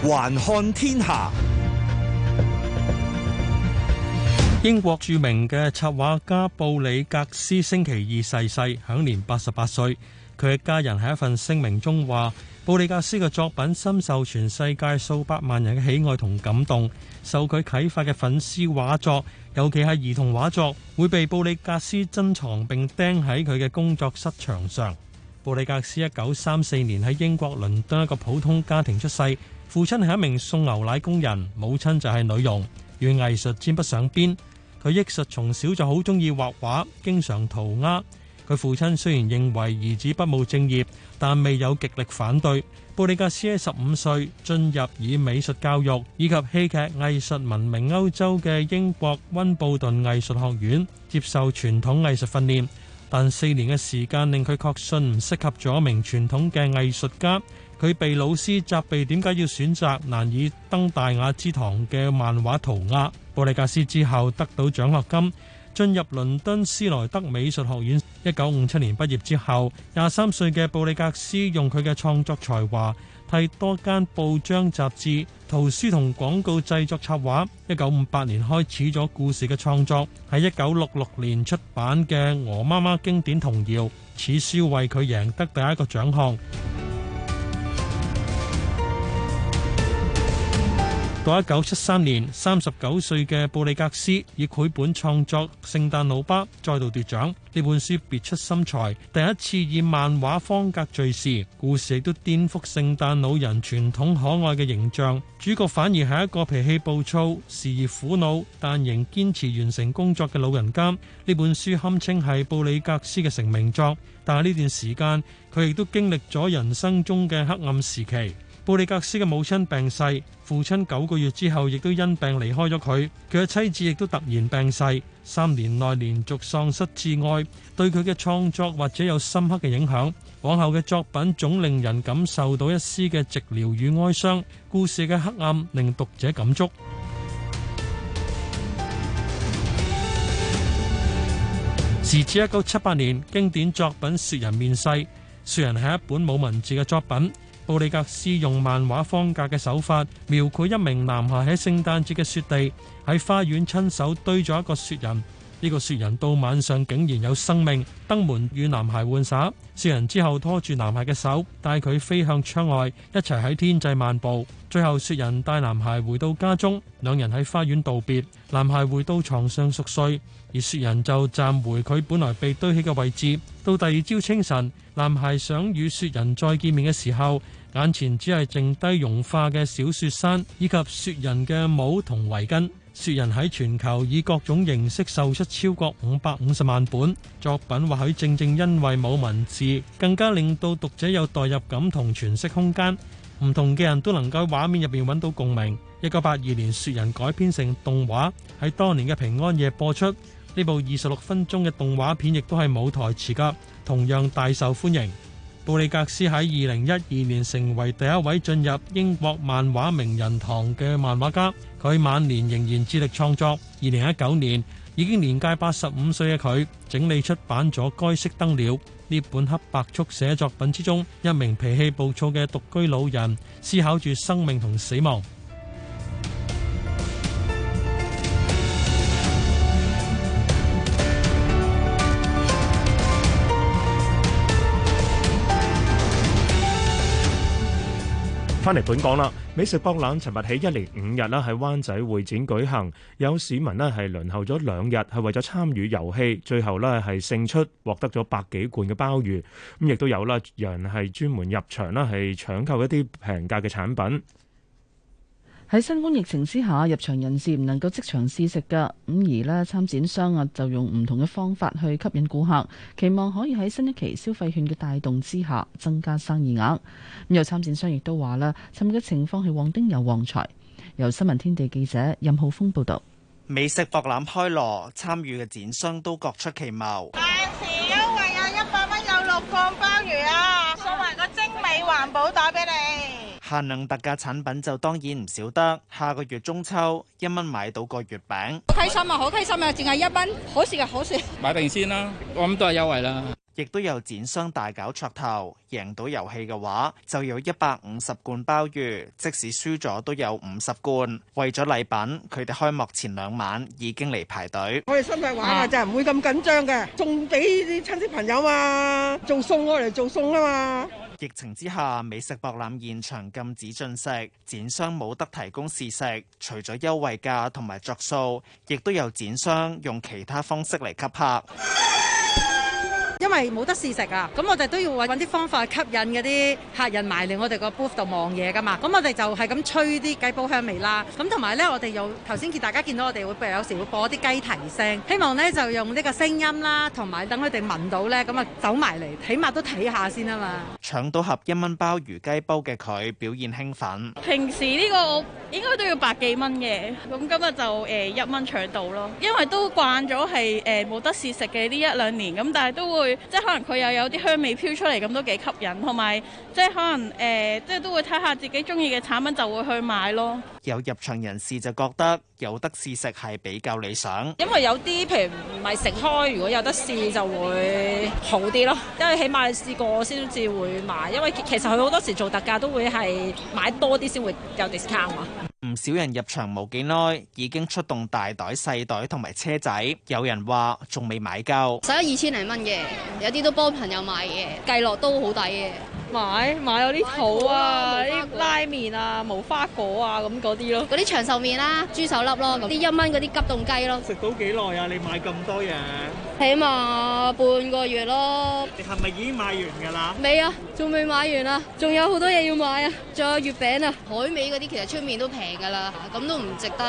還看天下。英國著名嘅插畫家布里格斯星期二逝世，世，享年八十八歲。佢嘅家人喺一份聲明中話：，布里格斯嘅作品深受全世界數百萬人嘅喜愛同感動。受佢啟發嘅粉絲畫作，尤其係兒童畫作，會被布里格斯珍藏並釘喺佢嘅工作室牆上。布里格斯一九三四年喺英國倫敦一個普通家庭出世。父親係一名送牛奶工人，母親就係女傭，與藝術沾不上邊。佢藝術從小就好鍾意畫畫，經常塗鴉。佢父親雖然認為兒子不務正業，但未有極力反對。布里格斯喺十五歲進入以美術教育以及戲劇藝術聞名歐洲嘅英國温布頓藝術學院接受傳統藝術訓練，但四年嘅時間令佢確信唔適合做一名傳統嘅藝術家。佢被老師責備，點解要選擇難以登大雅之堂嘅漫畫塗鴉？布利格斯之後得到獎學金，進入倫敦斯萊德美術學院。一九五七年畢業之後，廿三歲嘅布利格斯用佢嘅創作才華，替多間報章雜誌、圖書同廣告製作插畫。一九五八年開始咗故事嘅創作。喺一九六六年出版嘅《鵝媽媽》經典童謠，此書為佢贏得第一個獎項。到一九七三年，三十九歲嘅布里格斯以繪本創作《聖誕老爸》再度奪獎。呢本書別出心裁，第一次以漫畫方格敘事，故事亦都顛覆聖誕老人傳統可愛嘅形象。主角反而係一個脾氣暴躁、時而苦惱，但仍堅持完成工作嘅老人家。呢本書堪稱係布里格斯嘅成名作，但係呢段時間佢亦都經歷咗人生中嘅黑暗時期。布里格斯嘅母親病逝，父親九個月之後亦都因病離開咗佢。佢嘅妻子亦都突然病逝，三年內連續喪失至愛，對佢嘅創作或者有深刻嘅影響。往後嘅作品總令人感受到一絲嘅寂寥與哀傷。故事嘅黑暗令讀者感觸。 時至一九七八年，經典作品《雪人》面世，《雪人》係一本冇文字嘅作品。布里格斯用漫畫方格嘅手法描繪一名男孩喺聖誕節嘅雪地喺花園親手堆咗一個雪人，呢個雪人到晚上竟然有生命，登門與男孩玩耍。雪人之後拖住男孩嘅手，帶佢飛向窗外，一齊喺天際漫步。最後，雪人帶男孩回到家中，兩人喺花園道別。男孩回到床上熟睡，而雪人就站回佢本來被堆起嘅位置。到第二朝清晨，男孩想與雪人再見面嘅時候，眼前只係剩低融化嘅小雪山，以及雪人嘅帽同圍巾。雪人喺全球以各種形式售出超過五百五十萬本作品，或許正正因為冇文字，更加令到讀者有代入感同詮釋空間。唔同嘅人都能夠喺畫面入面揾到共鳴。一九八二年，雪人改編成動畫，喺當年嘅平安夜播出。呢部二十六分鐘嘅動畫片亦都係冇台詞嘅，同樣大受歡迎。布利格斯喺二零一二年成為第一位進入英國漫畫名人堂嘅漫畫家，佢晚年仍然致力創作。二零一九年已經年屆八十五歲嘅佢，整理出版咗《該熄燈了》。呢本黑白速寫作品之中，一名脾氣暴躁嘅獨居老人思考住生命同死亡。翻嚟本港啦！美食博覽尋日起，一連五日啦，喺灣仔會展舉行。有市民咧係輪候咗兩日，係為咗參與遊戲，最後咧係勝出，獲得咗百幾罐嘅鮑魚。咁亦都有啦，人係專門入場啦，係搶購一啲平價嘅產品。喺新冠疫情之下，入場人士唔能夠即場試食嘅，咁而呢參展商啊就用唔同嘅方法去吸引顧客，期望可以喺新一期消費券嘅帶動之下增加生意額。咁有參展商亦都話啦，參與嘅情況係旺丁有旺財。由新聞天地記者任浩峰報道。美食博覽開鑼，參與嘅展商都各出其謀。少，維有100蚊有六個鮑魚啊！送埋個精美環保袋俾你。限量特價產品就當然唔少得，下個月中秋一蚊買到個月餅，好開心啊！好開心啊！淨係一蚊，好食啊，好食！買定先啦，我諗都係優惠啦。亦都有展商大搞噱頭，贏到遊戲嘅話，就有一百五十罐鮑魚；即使輸咗，都有五十罐。為咗禮品，佢哋開幕前兩晚已經嚟排隊。我哋新嚟玩就啫，唔、啊、會咁緊張嘅，送俾啲親戚朋友啊，做餸我嚟做餸啊嘛。疫情之下，美食博覽現場禁止進食，展商冇得提供試食。除咗優惠價同埋著數，亦都有展商用其他方式嚟吸客。因為冇得試食啊，咁我哋都要揾啲方法吸引嗰啲客人埋嚟我哋個 booth 度望嘢噶嘛，咁我哋就係咁吹啲雞煲香味啦，咁同埋咧我哋用頭先見大家見到我哋會譬如有時會播啲雞啼聲，希望咧就用呢個聲音啦，同埋等佢哋聞到咧，咁啊走埋嚟，起碼都睇下先啊嘛。搶到盒一蚊鮑魚雞煲嘅，佢表現興奮。平時呢個應該都要百幾蚊嘅，咁今日就誒、呃、一蚊搶到咯，因為都慣咗係誒冇得試食嘅呢一兩年，咁但係都會。即係可能佢又有啲香味飄出嚟，咁都幾吸引。同埋即係可能誒，即係都會睇下自己中意嘅產品，就會去買咯。有入場人士就覺得有得試食係比較理想，因為有啲譬如唔係食開，如果有得試就會好啲咯。因為起碼你試過先至會買，因為其實佢好多時做特價都會係買多啲先會有 discount 嘛。唔少人入場冇幾耐，已經出動大袋、細袋同埋車仔。有人話仲未買夠，使咗二千零蚊嘅，有啲都幫朋友買嘅，計落都好抵嘅。買買嗰啲土啊，啲拉麵啊，無花果啊咁嗰啲咯。嗰啲長壽麵啦，豬手粒咯，嗰啲一蚊嗰啲急凍雞咯。食到幾耐啊？你買咁多嘢？起碼半個月咯。你係咪已經買完噶啦？未啊，仲未買完啊，仲有好多嘢要買啊。仲有月餅啊，海味嗰啲其實出面都平噶啦，咁都唔值得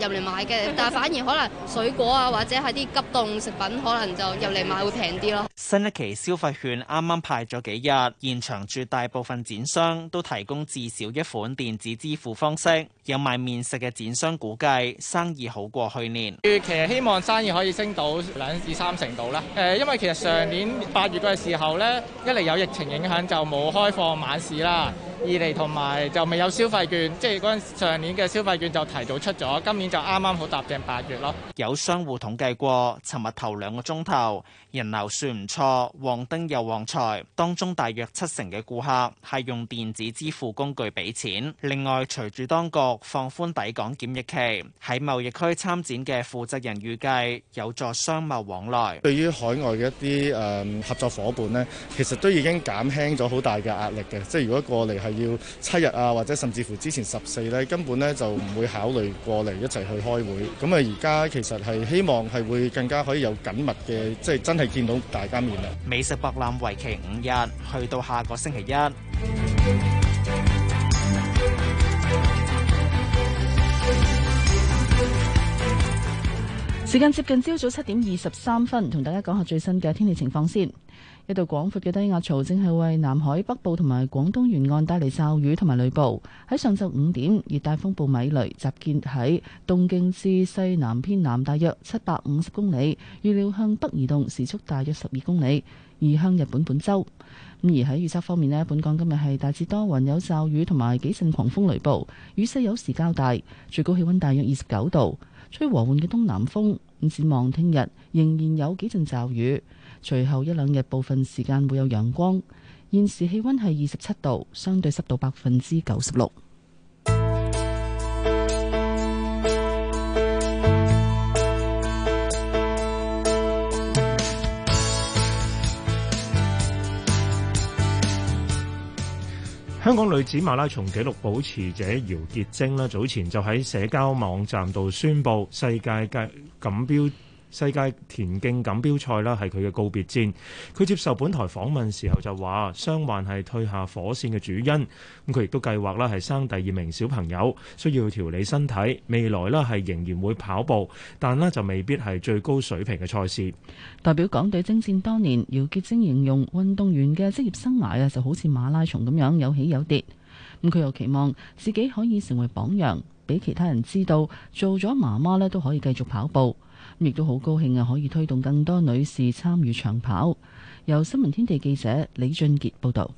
誒入嚟買嘅。但係反而可能水果啊，或者係啲急凍食品，可能就入嚟買會平啲咯。新一期消費券啱啱派咗幾日，現場。絕大部分展商都提供至少一款電子支付方式。有賣麵食嘅展商估計生意好過去年，預期希望生意可以升到兩至三成度啦。誒、呃，因為其實上年八月嗰個時候呢，一嚟有疫情影響就冇開放晚市啦；二嚟同埋就未有消費券，即係嗰陣上年嘅消費券就提早出咗，今年就啱啱好搭正八月咯。有商戶統計過，尋日頭兩個鐘頭人流算唔錯，旺丁又旺財，當中大約七成嘅顧客係用電子支付工具俾錢。另外隨，隨住當個放寬抵港檢疫期，喺貿易區參展嘅負責人預計有助商貿往來。對於海外嘅一啲誒、呃、合作夥伴呢，其實都已經減輕咗好大嘅壓力嘅。即係如果過嚟係要七日啊，或者甚至乎之前十四呢，根本呢就唔會考慮過嚟一齊去開會。咁啊，而家其實係希望係會更加可以有緊密嘅，即係真係見到大家面啦。美食博覽為期五日，去到下個星期一。時間接近朝早七點二十三分，同大家講下最新嘅天氣情況先。一道廣闊嘅低壓槽正係為南海北部同埋廣東沿岸帶嚟驟雨同埋雷暴。喺上晝五點，熱帶風暴米雷集結喺東京至西南偏南大約七百五十公里，預料向北移動，時速大約十二公里，移向日本本州。咁而喺預測方面咧，本港今日係大致多雲有驟雨同埋幾陣狂風雷暴，雨勢有時較大，最高氣温大約二十九度。吹和緩嘅東南風，咁展望聽日仍然有幾陣驟雨，隨後一兩日部分時間會有陽光。現時氣溫係二十七度，相對濕度百分之九十六。香港女子馬拉松紀錄保持者姚潔晶咧，早前就喺社交網站度宣布世界錦標。世界田徑錦標賽啦，係佢嘅告別戰。佢接受本台訪問時候就話，傷患係退下火線嘅主因。咁佢亦都計劃啦係生第二名小朋友，需要調理身體，未來咧係仍然會跑步，但咧就未必係最高水平嘅賽事。代表港隊征戰多年，姚潔晶形容運動員嘅職業生涯啊就好似馬拉松咁樣，有起有跌。咁佢又期望自己可以成為榜樣，俾其他人知道做咗媽媽咧都可以繼續跑步。亦都好高興啊！可以推動更多女士參與長跑。由新聞天地記者李俊傑報道。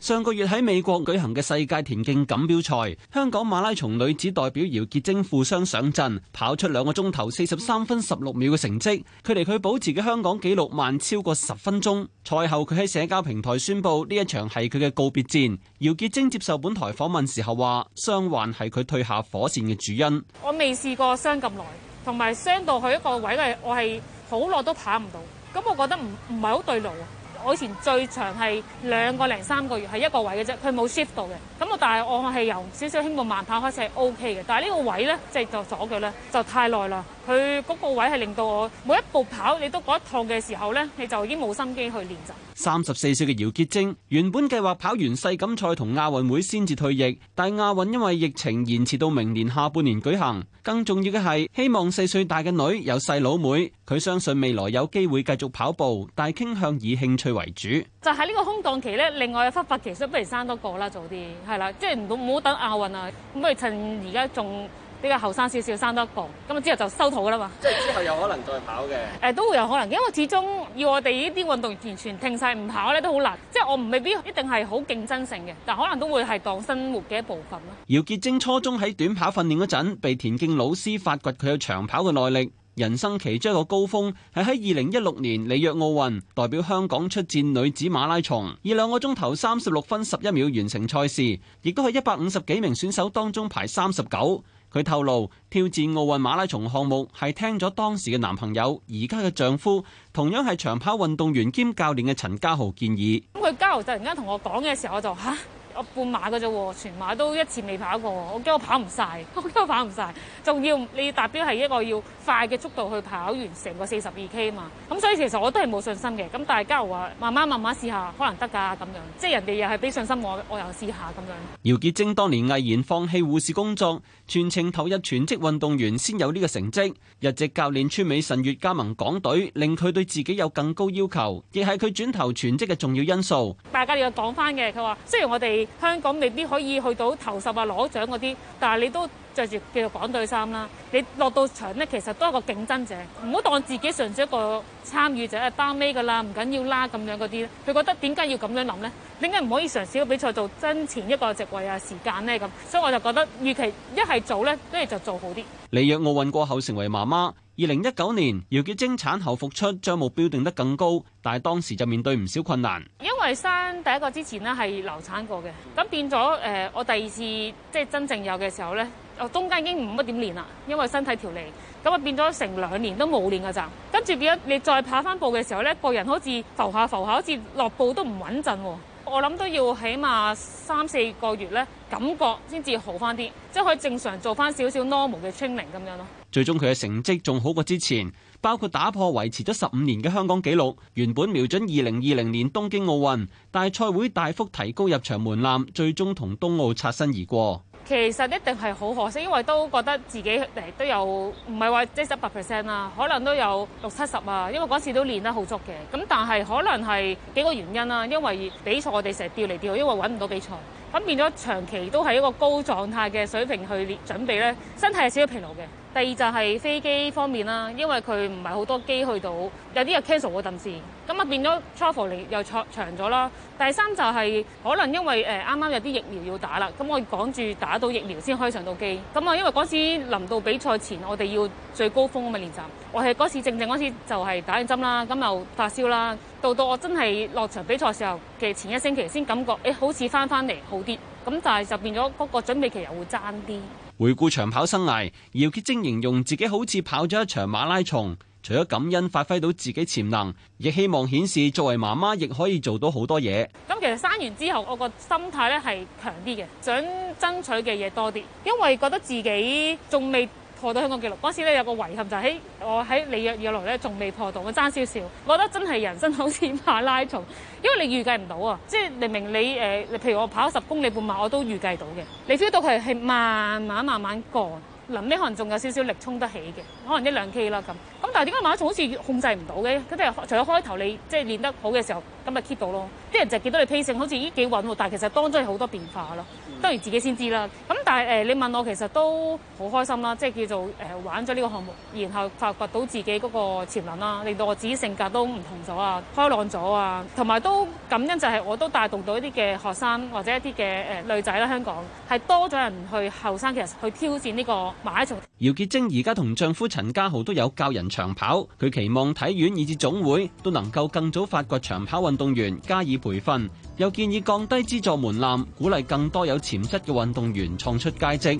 上個月喺美國舉行嘅世界田徑錦標賽，香港馬拉松女子代表姚潔貞負傷上陣，跑出兩個鐘頭四十三分十六秒嘅成績，距離佢保持嘅香港紀錄慢超過十分鐘。賽後佢喺社交平台宣布呢一場係佢嘅告別戰。姚潔貞接受本台訪問時候話，傷患係佢退下火線嘅主因。我未試過傷咁耐。同埋傷到去一個位嘅，我係好耐都跑唔到，咁我覺得唔唔係好對路啊！我以前最長係兩個零三個月係一個位嘅啫，佢冇 shift 到嘅。咁我但係我係由少少輕步慢跑開始係 OK 嘅，但係呢個位咧即係就係、左腳咧就太耐啦。佢嗰個位係令到我每一步跑你都嗰一趟嘅時候咧，你就已經冇心機去練習。三十四歲嘅姚潔貞原本計劃跑完世錦賽同亞運會先至退役，但亞運因為疫情延遲到明年下半年舉行。更重要嘅係希望四歲大嘅女有細佬妹，佢相信未來有機會繼續跑步，但係傾向以興趣為主。就喺呢個空檔期咧，另外一忽忽其實不如生多個啦，早啲係啦，即係唔好唔好等亞運啊，咁咪趁而家仲。比較後生少少，生多一步，咁啊！之後就收徒噶啦嘛，即係之後有可能再跑嘅誒、欸，都會有可能嘅，因為始終要我哋呢啲運動員完全停晒唔跑咧，都好難。即係我唔未必一定係好競爭性嘅，但可能都會係當生活嘅一部分咯。姚潔晶初中喺短跑訓練嗰陣，被田徑老師發掘佢有長跑嘅耐力。人生其中一個高峰係喺二零一六年里約奧運，代表香港出戰女子馬拉松，以兩個鐘頭三十六分十一秒完成賽事，亦都係一百五十幾名選手當中排三十九。佢透露挑戰奧運馬拉松項目係聽咗當時嘅男朋友，而家嘅丈夫同樣係長跑運動員兼教練嘅陳家豪建議。咁佢家豪突然間同我講嘅時候，我就嚇。我半馬嘅啫喎，全馬都一次未跑過，我驚我跑唔晒，我驚我跑唔晒。仲要你達標係一個要快嘅速度去跑完成個四十二 K 啊嘛。咁所以其實我都係冇信心嘅。咁大家話慢慢慢慢試下，可能得㗎咁樣。即係人哋又係俾信心我，我又試下咁樣。姚潔貞當年毅然放棄護士工作，全程投入全職運動員先有呢個成績。日籍教練川美神月加盟港隊，令佢對自己有更高要求，亦係佢轉投全職嘅重要因素。大家要講翻嘅，佢話雖然我哋。香港未必可以去到頭十啊，攞獎嗰啲，但係你都。著住叫做港隊衫啦，你落到場呢，其實都係個競爭者，唔好當自己純屬一個參與者啊，包尾㗎啦，唔緊要啦，咁樣嗰啲咧。佢覺得點解要咁樣諗呢？點解唔可以嘗試個比賽做真前一個席位啊、時間呢？咁？所以我就覺得預期一係早呢，跟住就做好啲。里約奧運過後成為媽媽，二零一九年姚潔貞產後復出，將目標定得更高，但係當時就面對唔少困難。因為生第一個之前呢係流產過嘅，咁變咗誒、呃，我第二次即係真正有嘅時候咧。我中間已經唔乜點練啦，因為身體調理，咁啊變咗成兩年都冇練噶咋。跟住變咗你再跑翻步嘅時候咧，個人好似浮下浮下，好似落步都唔穩陣喎。我諗都要起碼三四個月咧，感覺先至好翻啲，即係可以正常做翻少少 normal 嘅清零咁樣咯。最終佢嘅成績仲好過之前，包括打破維持咗十五年嘅香港紀錄。原本瞄準二零二零年東京奧運，但係賽會大幅提高入場門檻，最終同東奧擦身而過。其實一定係好可惜，因為都覺得自己誒都有唔係話即係一百 percent 啦，可能都有六七十啊，因為嗰時都練得好足嘅。咁但係可能係幾個原因啦，因為比賽我哋成日調嚟調去，因為揾唔到比賽，咁變咗長期都係一個高狀態嘅水平去練準備咧，身體係少咗疲勞嘅。第二就係飛機方面啦，因為佢唔係好多機去到，有啲又 cancel 嗰陣時，咁啊變咗 travel 又又長長咗啦。第三就係可能因為誒啱啱有啲疫苗要打啦，咁我趕住打到疫苗先可以上到機。咁啊，因為嗰次臨到比賽前，我哋要最高峰咁啊練習，我係嗰次正正嗰次就係打完針啦，咁又發燒啦，到到我真係落場比賽時候嘅前一星期先感覺誒、欸、好似翻翻嚟好啲，咁但係就變咗嗰個準備期又會爭啲。回顧長跑生涯，姚潔貞形容自己好似跑咗一場馬拉松，除咗感恩發揮到自己潛能，亦希望顯示作為媽媽亦可以做到好多嘢。咁其實生完之後，我個心態咧係強啲嘅，想爭取嘅嘢多啲，因為覺得自己仲未。破到香港紀錄，嗰時咧有個遺憾就喺、是、我喺里約以來咧，仲未破到，我爭少少。我覺得真係人生好似馬拉松，因為你預計唔到啊！即係明明你誒、呃，譬如我跑十公里半馬，我都預計到嘅。你 feel 到佢係慢慢慢慢降，臨尾可能仲有少少力衝得起嘅，可能一兩 K 啦咁。咁但係點解馬拉松好似控制唔到嘅？佢啲人除咗開頭你即係練得好嘅時候，咁咪 keep 到咯。啲人就見到你 pace 好似依幾穩，但係其實當中好多變化咯。當然自己先知啦。咁、嗯。但係誒，你問我其實都好開心啦，即係叫做誒玩咗呢個項目，然後發掘到自己嗰個潛能啦，令到我自己性格都唔同咗啊，開朗咗啊，同埋都感恩就係我都帶動到一啲嘅學生或者一啲嘅誒女仔啦，香港係多咗人去後生，其實去挑戰呢個馬拉松。姚潔晶而家同丈夫陳家豪都有教人長跑，佢期望體院以至總會都能夠更早發掘長跑運動員加以培訓。又建議降低資助門檻，鼓勵更多有潛質嘅運動員創出佳績。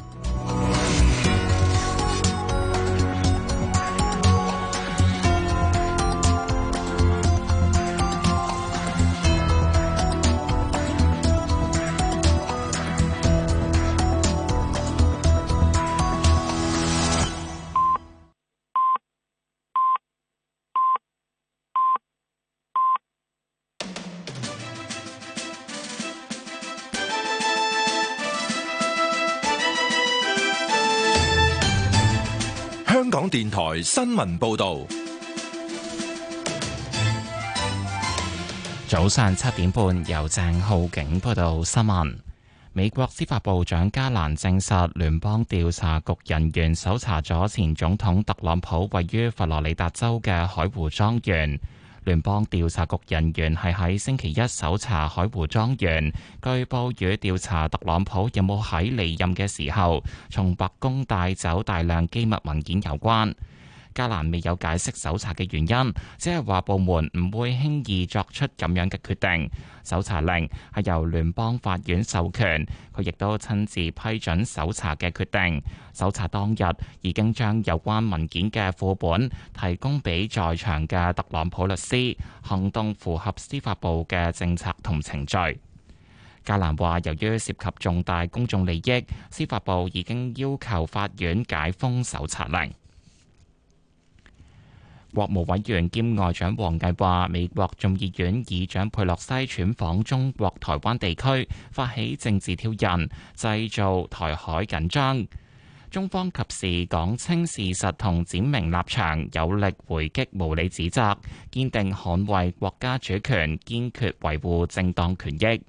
電台新聞報道，早上七點半，由鄭浩景報道新聞。美國司法部長加蘭證實，聯邦調查局人員搜查咗前總統特朗普位於佛羅里達州嘅海湖莊園。聯邦調查局人員係喺星期一搜查海湖莊園，據報與調查特朗普有冇喺離任嘅時候，從白宮帶走大量機密文件有關。加蘭未有解釋搜查嘅原因，只係話部門唔會輕易作出咁樣嘅決定。搜查令係由聯邦法院授權，佢亦都親自批准搜查嘅決定。搜查當日已經將有關文件嘅副本提供俾在場嘅特朗普律師，行動符合司法部嘅政策同程序。加蘭話：由於涉及重大公眾利益，司法部已經要求法院解封搜，搜查令。國務委員兼外長王毅話，美國眾議院議長佩洛西竄訪中國台灣地區，發起政治挑釁，製造台海緊張。中方及時講清事實同闡明立場，有力回擊無理指責，堅定捍衛國家主權，堅決維護正當權益。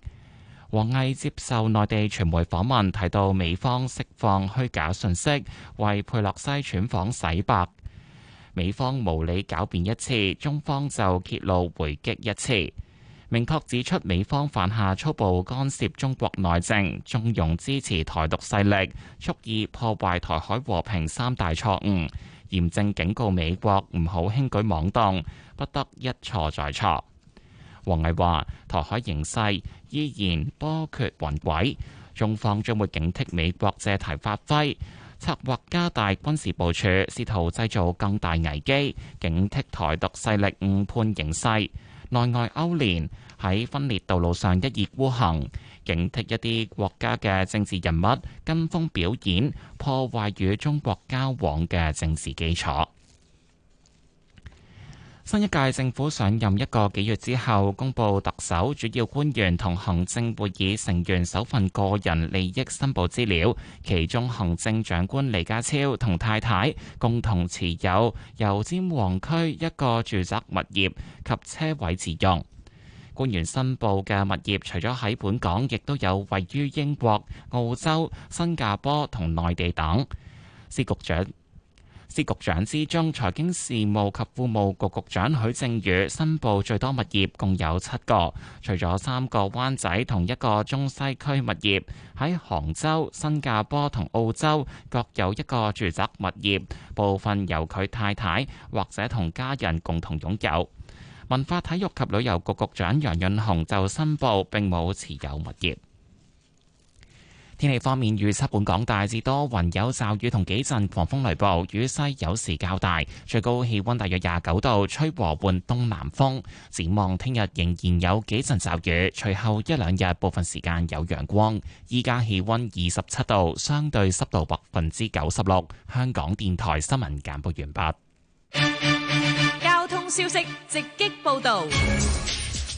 王毅接受內地傳媒訪問，提到美方釋放虛假信息，為佩洛西竄訪洗白。美方無理狡辯一次，中方就揭露回擊一次，明確指出美方犯下粗暴干涉中國內政、縱容支持台獨勢力、蓄意破壞台海和平三大錯誤，嚴正警告美國唔好輕舉妄動，不得一錯再錯。王毅話：台海形勢依然波詭雲譎，中方將會警惕美國借題發揮。策劃加大軍事部署，試圖製造更大危機；警惕台獨勢力誤判形勢，內外勾連喺分裂道路上一意孤行；警惕一啲國家嘅政治人物跟風表演，破壞與中國交往嘅政治基礎。新一屆政府上任一個幾月之後，公布特首主要官員同行政會議成員首份個人利益申報資料，其中行政長官李家超同太太共同持有油尖旺區一個住宅物業及車位自用。官員申報嘅物業除咗喺本港，亦都有位於英國、澳洲、新加坡同內地等。司局長。司局長之中，財經事務及庫務局局長許正宇申報最多物業，共有七個，除咗三個灣仔同一個中西區物業，喺杭州、新加坡同澳洲各有一個住宅物業，部分由佢太太或者同家人共同擁有。文化體育及旅遊局，局局長楊潤雄就申報並冇持有物業。天氣方面，預測本港大致多雲，有驟雨同幾陣狂風雷暴，雨勢有時較大，最高氣温大約廿九度，吹和緩東南風。展望聽日仍然有幾陣驟雨，隨後一兩日部分時間有陽光。依家氣温二十七度，相對濕度百分之九十六。香港電台新聞簡報完畢。交通消息直擊報道。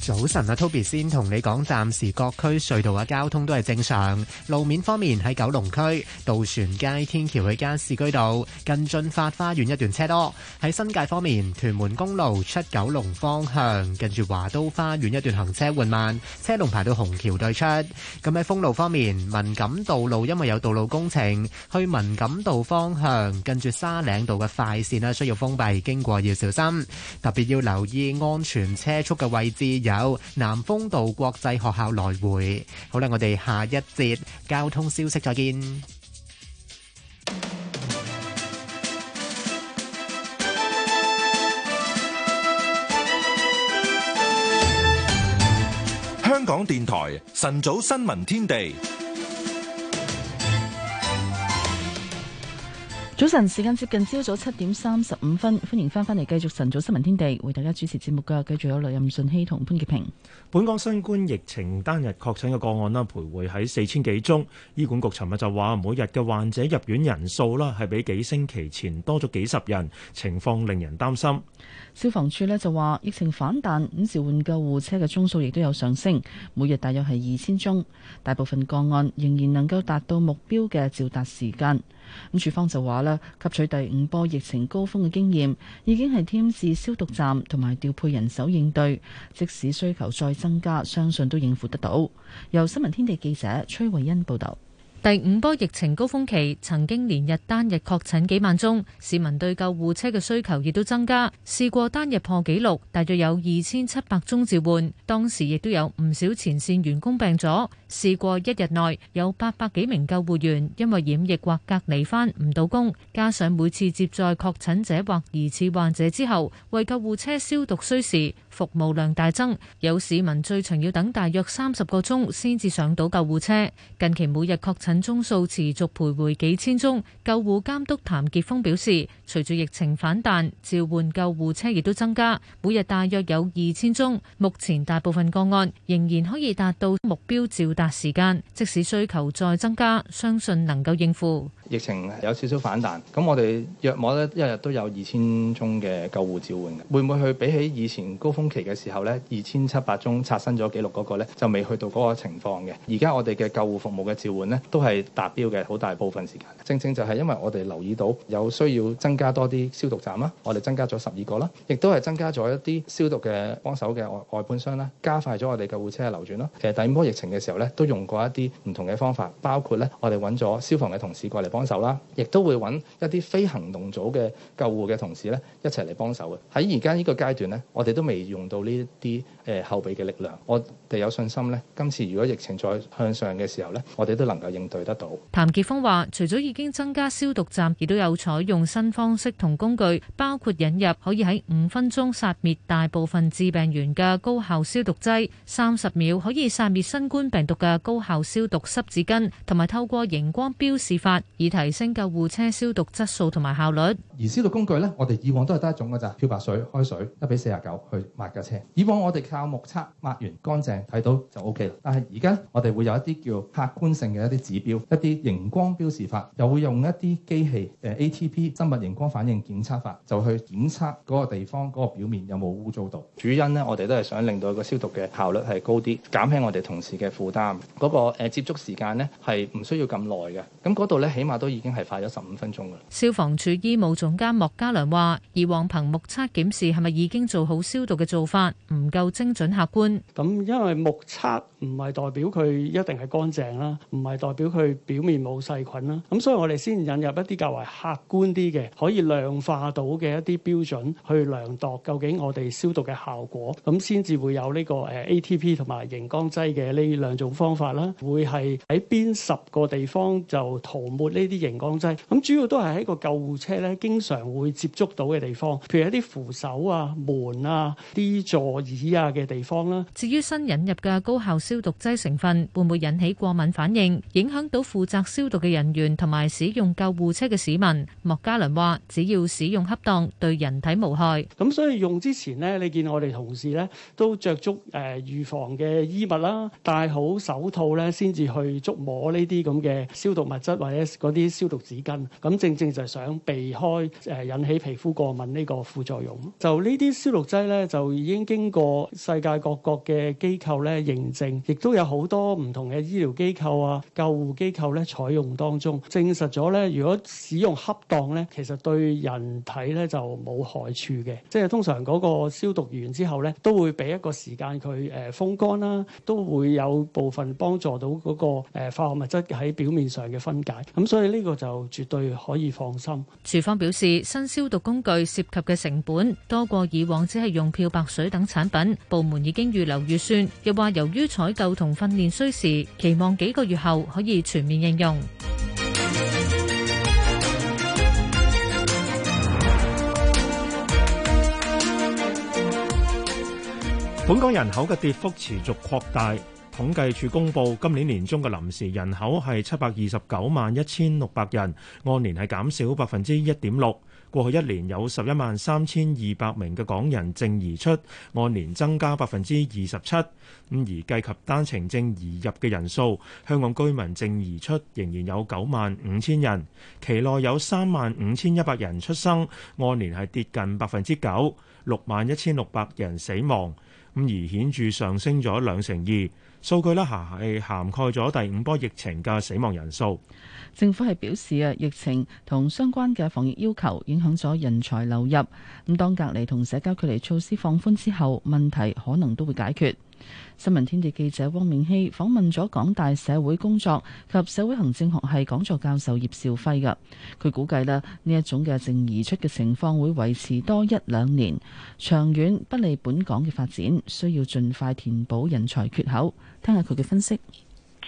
早晨啊，Toby 先同你講，暫時各區隧道嘅交通都係正常。路面方面喺九龍區渡船街天橋去加士居道近駿發花園一段車多；喺新界方面，屯門公路出九龍方向近住華都花園一段行車緩慢，車龍排到紅橋對出。咁喺封路方面，文錦道路因為有道路工程去文錦道方向近住沙嶺道嘅快線咧，需要封閉，經過要小心，特別要留意安全車速嘅位置有南風道國際學校來回，好啦，我哋下一節交通消息再見。香港電台晨早新聞天地。早晨，時間接近朝早七點三十五分，歡迎翻返嚟繼續晨早新聞天地，為大家主持節目嘅繼續有劉任舜希同潘潔平。本港新冠疫情單日確診嘅個案啦，徘徊喺四千幾宗。醫管局尋日就話，每日嘅患者入院人數啦，係比幾星期前多咗幾十人，情況令人擔心。消防處咧就話，疫情反彈，咁召喚救護車嘅宗數亦都有上升，每日大約係二千宗。大部分個案仍然能夠達到目標嘅召達時間。咁處方就話啦，吸取第五波疫情高峰嘅經驗，已經係添置消毒站同埋調配人手應對，即使需求再增加，相信都應付得到。由新聞天地記者崔慧欣報道，第五波疫情高峰期曾經連日單日確診幾萬宗，市民對救護車嘅需求亦都增加，試過單日破紀錄，大約有二千七百宗召喚，當時亦都有唔少前線員工病咗。試過一日內有八百幾名救護員因為染疫或隔離翻唔到工，加上每次接載確診者或疑似患者之後，為救護車消毒需時，服務量大增，有市民最長要等大約三十個鐘先至上到救護車。近期每日確診宗數持續徘徊幾千宗，救護監督譚傑峰表示，隨住疫情反彈，召喚救護車亦都增加，每日大約有二千宗。目前大部分個案仍然可以達到目標召。達時間，即使需求再增加，相信能夠應付。疫情有少少反彈，咁我哋若果約莫一日都有二千宗嘅救護召喚嘅，會唔會去比起以前高峰期嘅時候咧，二千七百宗刷新咗紀錄嗰個咧，就未去到嗰個情況嘅？而家我哋嘅救護服務嘅召喚咧都係達標嘅，好大部分時間。正正就係因為我哋留意到有需要增加多啲消毒站啦，我哋增加咗十二個啦，亦都係增加咗一啲消毒嘅幫手嘅外外判商啦，加快咗我哋救護車嘅流轉啦。其實第二波疫情嘅時候咧都用過一啲唔同嘅方法，包括咧我哋揾咗消防嘅同事過嚟幫手啦，亦都會揾一啲非行動組嘅救護嘅同事咧，一齊嚟幫手嘅。喺而家呢個階段咧，我哋都未用到呢啲。誒後備嘅力量，我哋有信心咧。今次如果疫情再向上嘅時候呢，我哋都能夠應對得到。譚傑峰話：除咗已經增加消毒站，亦都有採用新方式同工具，包括引入可以喺五分鐘殺滅大部分致病源嘅高效消毒劑，三十秒可以殺滅新冠病毒嘅高效消毒濕紙巾，同埋透過螢光標示法以提升救護車消毒質素同埋效率。而消毒工具呢，我哋以往都係得一種㗎咋，漂白水、開水一比四十九去抹架車。以往我哋靠目測抹完乾淨睇到就 OK 啦。但係而家我哋會有一啲叫客觀性嘅一啲指標，一啲熒光標示法，又會用一啲機器，誒、呃、ATP 生物熒光反應檢測法，就去檢測嗰個地方嗰個表面有冇污糟度。主因呢，我哋都係想令到個消毒嘅效率係高啲，減輕我哋同事嘅負擔，嗰、那個、呃、接觸時間呢，係唔需要咁耐嘅。咁嗰度呢，起碼都已經係快咗十五分鐘㗎啦。消防處醫務總監莫嘉良話，以往憑目測檢視係咪已經做好消毒嘅做法，唔夠精，精準客觀咁，因為目測唔係代表佢一定係乾淨啦，唔係代表佢表面冇細菌啦。咁所以我哋先引入一啲較為客觀啲嘅，可以量化到嘅一啲標準去量度究竟我哋消毒嘅效果。咁先至會有呢個誒 ATP 同埋熒光劑嘅呢兩種方法啦，會係喺邊十個地方就塗抹呢啲熒光劑。咁主要都係喺個救護車咧，經常會接觸到嘅地方，譬如一啲扶手啊、門啊、啲座椅啊。嘅地方啦。至於新引入嘅高效消毒劑成分會唔會引起過敏反應，影響到負責消毒嘅人員同埋使用救護車嘅市民？莫嘉倫話：只要使用恰當，對人體無害。咁所以用之前呢，你見我哋同事咧都着足誒、呃、預防嘅衣物啦，戴好手套咧，先至去捉摸呢啲咁嘅消毒物質或者嗰啲消毒紙巾。咁正正就係想避開誒引起皮膚過敏呢個副作用。就呢啲消毒劑咧，就已經經過，世界各國嘅機構咧，認證，亦都有好多唔同嘅醫療機構啊、救護機構咧採用當中，證實咗咧，如果使用恰當咧，其實對人體咧就冇害處嘅。即係通常嗰個消毒完之後咧，都會俾一個時間佢誒風乾啦，都會有部分幫助到嗰個誒化學物質喺表面上嘅分解。咁所以呢個就絕對可以放心。廚方表示，新消毒工具涉及嘅成本多過以往，只係用漂白水等產品。部門已經預留預算，又話由於採購同訓練需時，期望幾個月後可以全面應用。本港人口嘅跌幅持續擴大，統計處公佈今年年中嘅臨時人口係七百二十九萬一千六百人，按年係減少百分之一點六。過去一年有十一萬三千二百名嘅港人正移出，按年增加百分之二十七。咁而計及單程證移入嘅人數，香港居民正移出仍然有九萬五千人。期內有三萬五千一百人出生，按年係跌近百分之九。六萬一千六百人死亡，咁而顯著上升咗兩成二。數據咧係涵蓋咗第五波疫情嘅死亡人數。政府係表示啊，疫情同相關嘅防疫要求影響咗人才流入。咁當隔離同社交距離措施放寬之後，問題可能都會解決。新聞天地記者汪明希訪問咗港大社會工作及社會行政學系講座教授葉兆輝噶，佢估計啦，呢一種嘅正移出嘅情況會維持多一兩年，長遠不利本港嘅發展，需要盡快填補人才缺口。聽下佢嘅分析。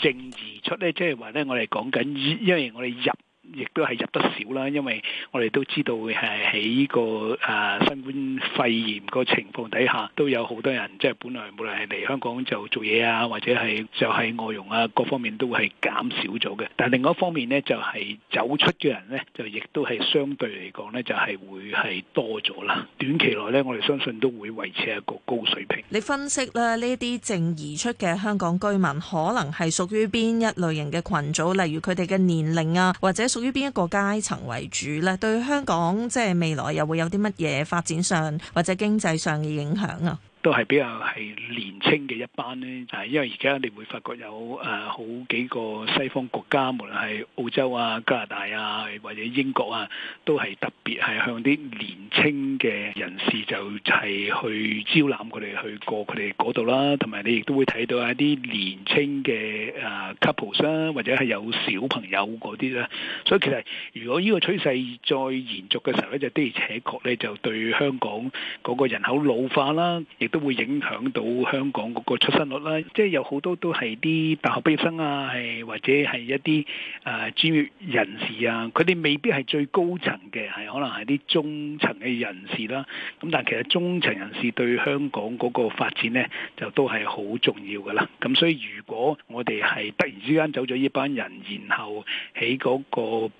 正而出咧，即係話咧，我哋講緊，因為我哋入。亦都係入得少啦，因為我哋都知道係喺呢個誒新冠肺炎個情況底下，都有好多人即係本來無論係嚟香港就做嘢啊，或者係就係外傭啊，各方面都會係減少咗嘅。但係另一方面咧，就係走出嘅人咧，就亦都係相對嚟講咧，就係會係多咗啦。短期內咧，我哋相信都會維持一個高水平。你分析啦，呢啲正移出嘅香港居民，可能係屬於邊一類型嘅群組，例如佢哋嘅年齡啊，或者？屬於邊一個階層為主咧？對香港即係未來又會有啲乜嘢發展上或者經濟上嘅影響啊？都係比較係年青嘅一班呢，就係因為而家你會發覺有誒、啊、好幾個西方國家，無論係澳洲啊、加拿大啊，或者英國啊，都係特別係向啲年青嘅人士就係去招攬佢哋去過佢哋嗰度啦。同埋你亦都會睇到一啲年青嘅誒、啊、couple 啦、啊，或者係有小朋友嗰啲啦。所以其實如果呢個趨勢再延續嘅時候呢，就的而且確呢就對香港嗰個人口老化啦，亦都會影響到香港嗰個出生率啦，即係有好多都係啲大學畢業生啊，係或者係一啲誒、呃、專業人士啊，佢哋未必係最高層嘅，係可能係啲中層嘅人士啦。咁但係其實中層人士對香港嗰個發展呢，就都係好重要噶啦。咁所以如果我哋係突然之間走咗呢班人，然後喺嗰、個，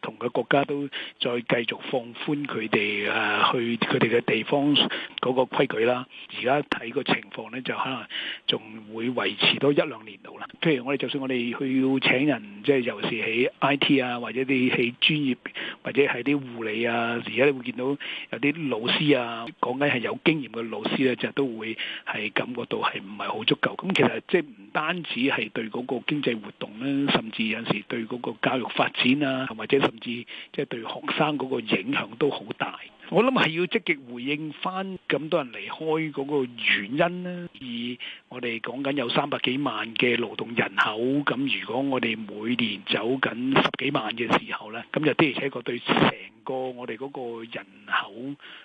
同嘅國家都再繼續放寬佢哋，誒去佢哋嘅地方嗰個規矩啦。而家睇個情況咧，就可能仲會維持多一兩年度啦。譬如，我哋就算我哋去要請人，即係尤其是喺 I.T. 啊，或者啲喺專業或者係啲護理啊，而家你會見到有啲老師啊，講緊係有經驗嘅老師咧，就都會係感覺到係唔係好足夠，咁其實即係唔單止係對嗰個經濟活動咧，甚至有陣時對嗰個教育發展啊，同或者。甚至即係對學生嗰個影響都好大，我諗係要積極回應翻。咁多人離開嗰個原因咧，而我哋講緊有三百幾萬嘅勞動人口，咁如果我哋每年走緊十幾萬嘅時候咧，咁就的而且確對成個我哋嗰個人口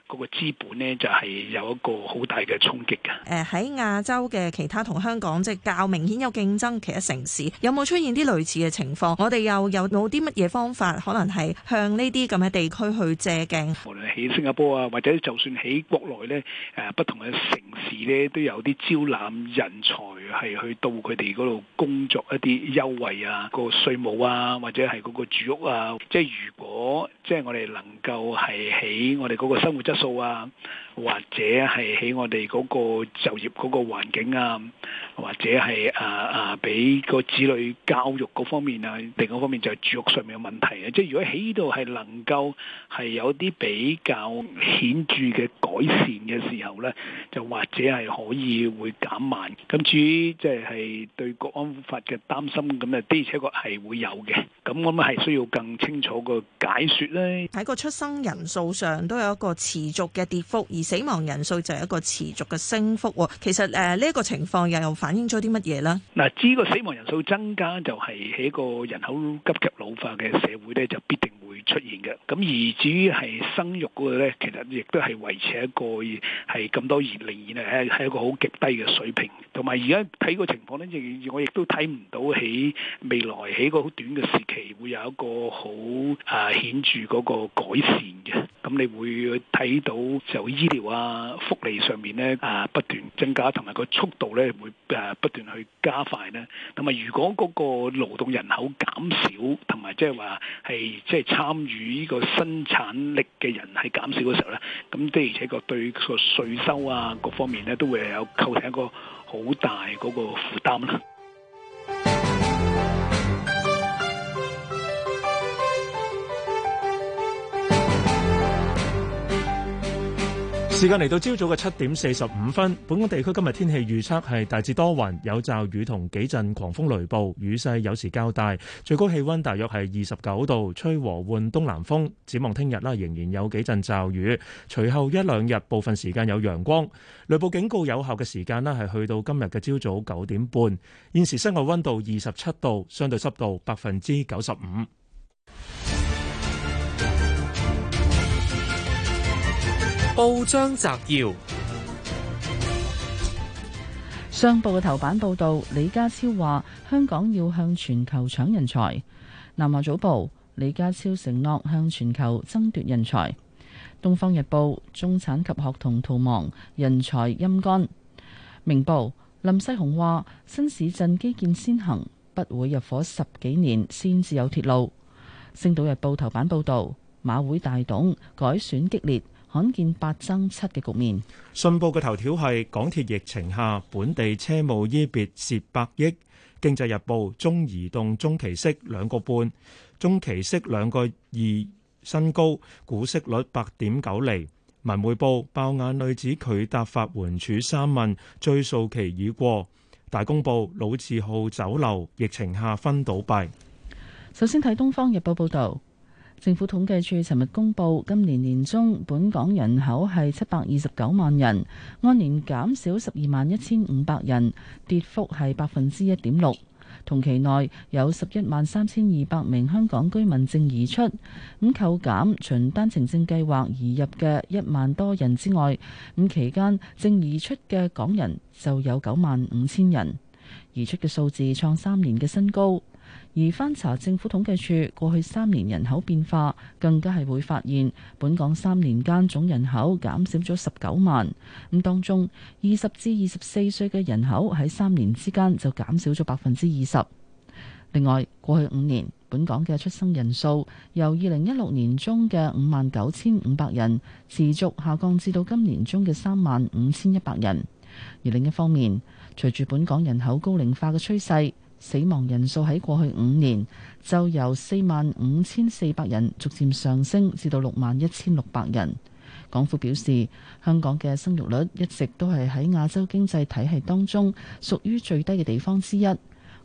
嗰個資本咧，就係有一個好大嘅衝擊嘅。誒喺亞洲嘅其他同香港即係較明顯有競爭其他城市，有冇出現啲類似嘅情況？我哋又有冇啲乜嘢方法，可能係向呢啲咁嘅地區去借鏡？無論係喺新加坡啊，或者就算喺國內咧。誒、 啊、不同嘅城市咧，都有啲招攬人才係去到佢哋嗰度工作一啲優惠啊，個稅務啊，或者係嗰個住屋啊。即係如果即係我哋能夠係喺我哋嗰個生活質素啊。或者係喺我哋嗰個就業嗰個環境啊，或者係啊啊，俾個子女教育嗰方面啊，另一方面就係住屋上面嘅問題啊。即係如果喺呢度係能夠係有啲比較顯著嘅改善嘅時候咧，就或者係可以會減慢。咁至於即係對國安法嘅擔心咁啊，的而且確係會有嘅。咁我係需要更清楚個解説咧。喺個出生人數上都有一個持續嘅跌幅而。死亡人數就係一個持續嘅升幅，哦，其實誒呢一個情況又反映咗啲乜嘢咧？嗱，知個死亡人數增加就係喺個人口急劇老化嘅社會咧，就必定會出現嘅。咁而至於係生育嗰個咧，其實亦都係維持一個係咁多年仍然係係一個好極低嘅水平。同埋而家睇個情況咧，我亦都睇唔到喺未來喺個好短嘅時期會有一個好誒顯著嗰個改善嘅。咁你會睇到就醫、啊，福利上面咧啊，不斷增加，同埋個速度咧會誒不斷去加快咧。咁啊，如果嗰個勞動人口減少，同埋即係話，係即係參與呢個生產力嘅人係減少嘅時候咧，咁的而且確對個稅收啊各方面咧都會有構成一個好大嗰個負擔啦。時間嚟到朝早嘅七點四十五分，本港地區今日天氣預測係大致多雲，有驟雨同幾陣狂風雷暴，雨勢有時較大，最高氣温大約係二十九度，吹和緩東南風。展望聽日啦，仍然有幾陣驟雨，隨後一兩日部分時間有陽光。雷暴警告有效嘅時間啦，係去到今日嘅朝早九點半。現時室外温度二十七度，相對濕度百分之九十五。報章摘要：商報嘅頭版報道，李家超話香港要向全球搶人才。南華早報，李家超承諾向全球爭奪人才。東方日報，中產及學童逃亡，人才陰乾。明報，林世雄話新市鎮基建先行，不會入伙十幾年先至有鐵路。星島日報頭版報道，馬會大董改選激烈。罕見八增七嘅局面。信報嘅頭條係港鐵疫情下本地車務依別蝕百億。經濟日報：中移動中期息兩個半，中期息兩個二新高，股息率八點九厘。文匯報：爆眼女子拒答法援處三問，追訴期已過。大公報：老字號酒樓疫情下分倒閉。首先睇東方日報報道。政府統計處尋日公布，今年年中本港人口係七百二十九萬人，按年減少十二萬一千五百人，跌幅係百分之一點六。同期內有十一萬三千二百名香港居民正移出，咁扣減循單程證計劃移入嘅一萬多人之外，咁期間正移出嘅港人就有九萬五千人，移出嘅數字創三年嘅新高。而翻查政府統計處過去三年人口變化，更加係會發現本港三年間總人口減少咗十九萬，咁當中，二十至二十四歲嘅人口喺三年之間就減少咗百分之二十。另外，過去五年，本港嘅出生人數由二零一六年中嘅五萬九千五百人，持續下降至到今年中嘅三萬五千一百人。而另一方面，隨住本港人口高齡化嘅趨勢。死亡人數喺過去五年就由四萬五千四百人逐漸上升至到六萬一千六百人。港府表示，香港嘅生育率一直都係喺亞洲經濟體系當中屬於最低嘅地方之一。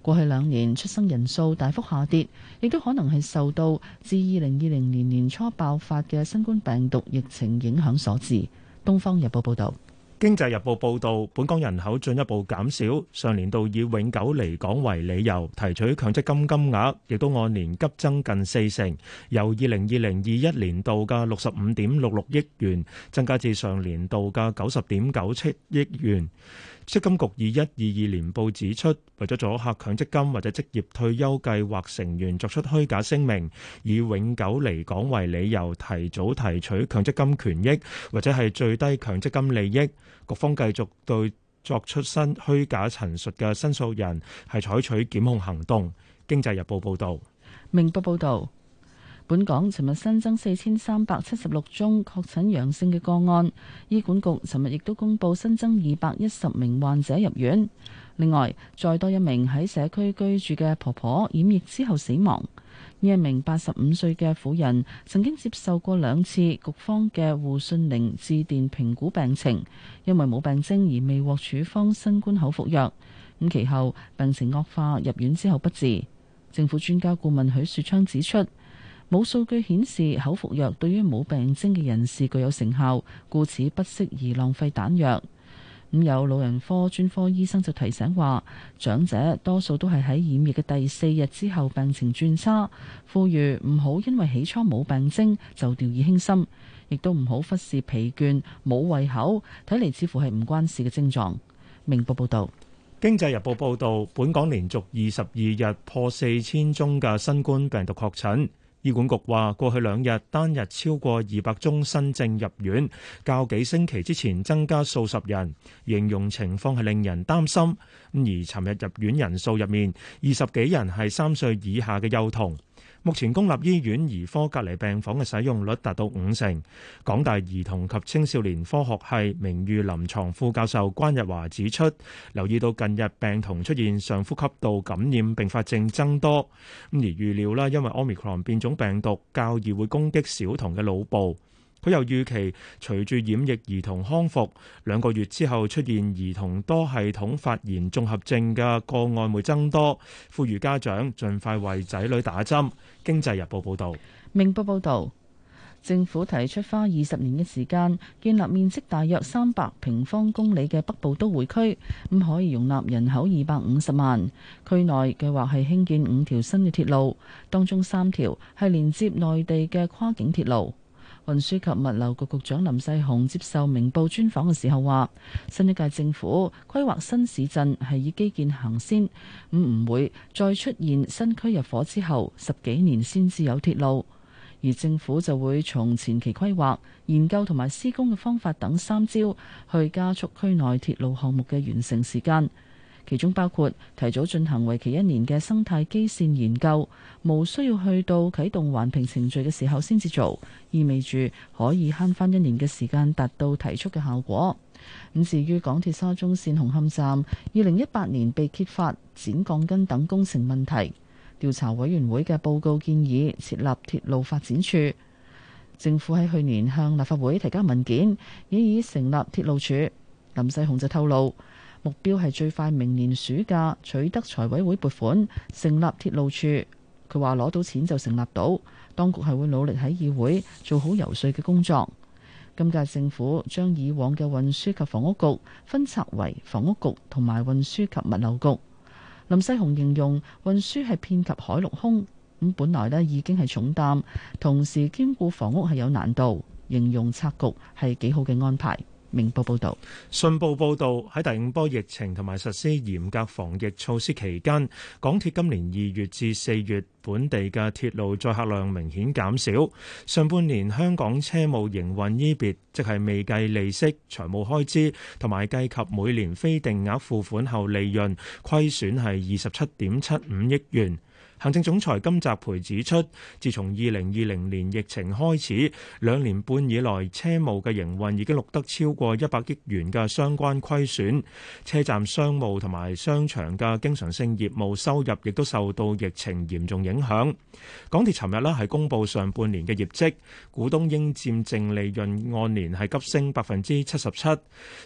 過去兩年出生人數大幅下跌，亦都可能係受到自二零二零年年初爆發嘅新冠病毒疫情影響所致。《東方日報》報道。經濟日報報道，本港人口進一步減少，上年度以永久離港為理由提取強積金金額，亦都按年急增近四成，由二零二零二一年度嘅六十五點六六億元，增加至上年度嘅九十點九七億元。積金局以一二二年報指出，為咗阻嚇強積金或者職業退休計劃成員作出虛假聲明，以永久離港為理由提早提取強積金權益或者係最低強積金利益，局方繼續對作出新虛假陳述嘅申訴人係採取檢控行動。經濟日報報道，明報報道。本港尋日新增四千三百七十六宗確診陽性嘅個案，醫管局尋日亦都公布新增二百一十名患者入院。另外，再多一名喺社區居住嘅婆婆染疫之後死亡。呢一名八十五歲嘅婦人曾經接受過兩次局方嘅護訊鈴致電評估病情，因為冇病徵而未獲處方新冠口服藥。咁其後病情惡化，入院之後不治。政府專家顧問許樹昌指出。冇數據顯示口服藥對於冇病徵嘅人士具有成效，故此不適宜浪費彈藥。咁有老人科專科醫生就提醒話：長者多數都係喺染疫嘅第四日之後病情轉差，呼籲唔好因為起初冇病徵就掉以輕心，亦都唔好忽視疲倦、冇胃口，睇嚟似乎係唔關事嘅症狀。《明報》報道：《經濟日報》報道，本港連續二十二日破四千宗嘅新冠病毒確診。醫管局話，過去兩日單日超過二百宗新症入院，較幾星期之前增加數十人，形容情況係令人擔心。而尋日入院人數入面，二十幾人係三歲以下嘅幼童。目前公立醫院兒科隔離病房嘅使用率達到五成。港大兒童及青少年科學系名譽臨床副教授關日華指出，留意到近日病童出現上呼吸道感染併發症增多，咁而預料啦，因為 Omicron 變種病毒較易會攻擊小童嘅腦部。佢又預期，隨住染疫兒童康復，兩個月之後出現兒童多系統發炎綜合症嘅個案會增多，呼籲家長盡快為仔女打針。經濟日報報導，明報報導，政府提出花二十年嘅時間建立面積大約三百平方公里嘅北部都會區，咁可以容納人口二百五十萬。區內計劃係興建五條新嘅鐵路，當中三條係連接內地嘅跨境鐵路。運輸及物流局局長林世雄接受明報專訪嘅時候話，新一屆政府規劃新市鎮係以基建行先，咁、嗯、唔會再出現新區入伙之後十幾年先至有鐵路，而政府就會從前期規劃、研究同埋施工嘅方法等三招去加速區內鐵路項目嘅完成時間。其中包括提早進行為期一年嘅生態基線研究，無需要去到啟動環評程序嘅時候先至做，意味住可以慳翻一年嘅時間達到提速嘅效果。咁、嗯、至於港鐵沙中線紅磡站，二零一八年被揭發剪鋼筋等工程問題，調查委員會嘅報告建議設立鐵路發展處。政府喺去年向立法會提交文件，已已成立鐵路處。林世雄就透露。目標係最快明年暑假取得財委會撥款，成立鐵路處。佢話攞到錢就成立到，當局係會努力喺議會做好游說嘅工作。今屆政府將以往嘅運輸及房屋局分拆為房屋局同埋運輸及物流局。林世雄形容運輸係遍及海陸空，咁本來呢已經係重擔，同時兼顧房屋係有難度，形容拆局係幾好嘅安排。明報報導，信報報導喺第五波疫情同埋實施嚴格防疫措施期間，港鐵今年二月至四月本地嘅鐵路載客量明顯減少。上半年香港車務營運依別，即係未計利息、財務開支同埋計及每年非定額付款後利潤，利潤虧損係二十七點七五億元。行政總裁金澤培指出，自從二零二零年疫情開始，兩年半以來，車務嘅營運已經錄得超過一百億元嘅相關虧損。車站商務同埋商場嘅經常性業務收入亦都受到疫情嚴重影響。港鐵尋日呢係公布上半年嘅業績，股東應佔淨利潤按年係急升百分之七十七。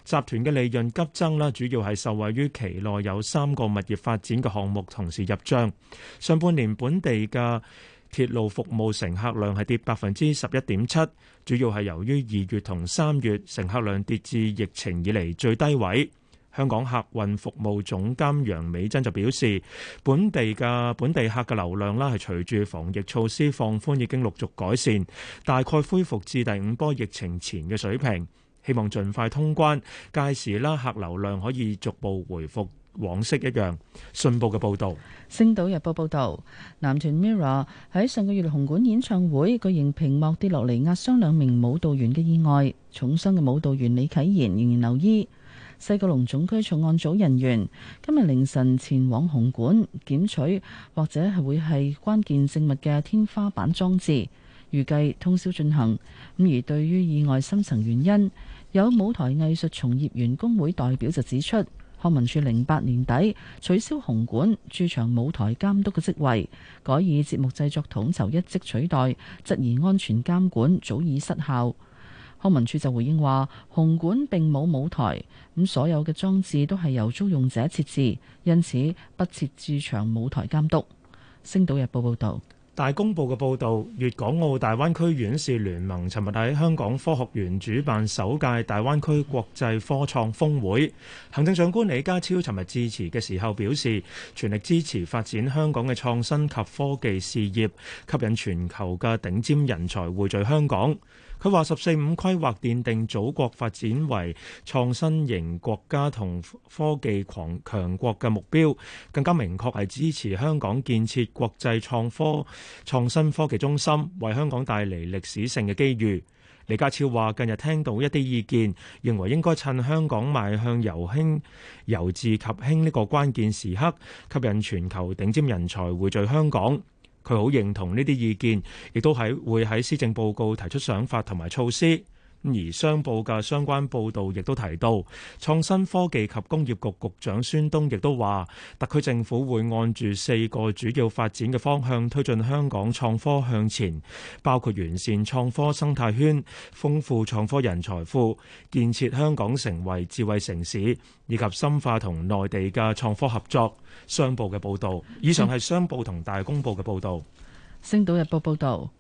集團嘅利潤急增啦，主要係受惠於期內有三個物業發展嘅項目同時入賬。上半年本地嘅鐵路服務乘客量係跌百分之十一點七，主要係由於二月同三月乘客量跌至疫情以嚟最低位。香港客運服務總監楊美珍就表示，本地嘅本地客嘅流量啦，係隨住防疫措施放寬，已經陸續改善，大概恢復至第五波疫情前嘅水平。希望盡快通關，屆時啦，客流量可以逐步回復。黃色一樣，信報嘅報導，《星島日報》報導，男團 MIRROR 喺上個月紅館演唱會，巨型屏幕跌落嚟，壓傷兩名舞蹈員嘅意外，重傷嘅舞蹈員李啟賢仍然留醫。西九龍總區重案組人員今日凌晨前往紅館檢取或者係會係關鍵證物嘅天花板裝置，預計通宵進行。咁而對於意外深層原因，有舞台藝術從業員工會代表就指出。康文署零八年底取消紅館駐場舞台監督嘅職位，改以節目製作統籌一職取代，質疑安全監管早已失效。康文署就回應話，紅館並冇舞台，咁所有嘅裝置都係由租用者設置，因此不設駐場舞台監督。星島日報報道。大公報嘅報導，粵港澳大灣區院士聯盟尋日喺香港科學園主辦首屆大灣區國際科創峰會。行政長官李家超尋日致辭嘅時候表示，全力支持發展香港嘅創新及科技事業，吸引全球嘅頂尖人才匯聚香港。佢話：十四五規劃奠定祖國發展為創新型國家同科技狂強國嘅目標，更加明確係支持香港建設國際創科創新科技中心，為香港帶嚟歷史性嘅機遇。李家超話：近日聽到一啲意見，認為應該趁香港邁向由興、由治及興呢個關鍵時刻，吸引全球頂尖人才匯聚香港。佢好認同呢啲意見，亦都喺會喺施政報告提出想法同埋措施。而商報嘅相關報導亦都提到，創新科技及工業局局長孫東亦都話，特區政府會按住四個主要發展嘅方向推進香港創科向前，包括完善創科生態圈、豐富創科人才庫、建設香港成為智慧城市以及深化同內地嘅創科合作。商報嘅報導，以上係商報同大公報嘅報導。《星島日報》報導。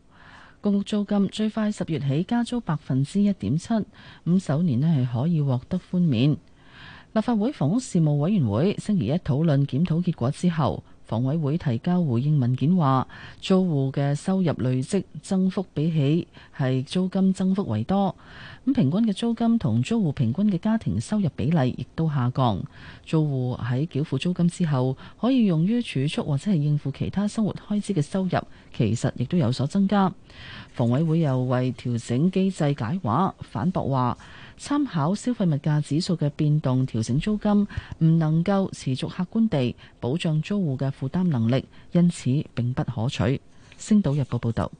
公屋租金最快十月起加租百分之一點七，咁首年呢係可以獲得寬免。立法會房屋事務委員會星期一討論檢討結果之後。房委會提交回應文件話，租戶嘅收入累積增幅比起係租金增幅為多，咁平均嘅租金同租戶平均嘅家庭收入比例亦都下降。租戶喺繳付租金之後，可以用於儲蓄或者係應付其他生活開支嘅收入，其實亦都有所增加。房委會又為調整機制解畫，反駁話，參考消費物價指數嘅變動調整租金，唔能夠持續客觀地保障租戶嘅負擔能力，因此並不可取。星島日報報導。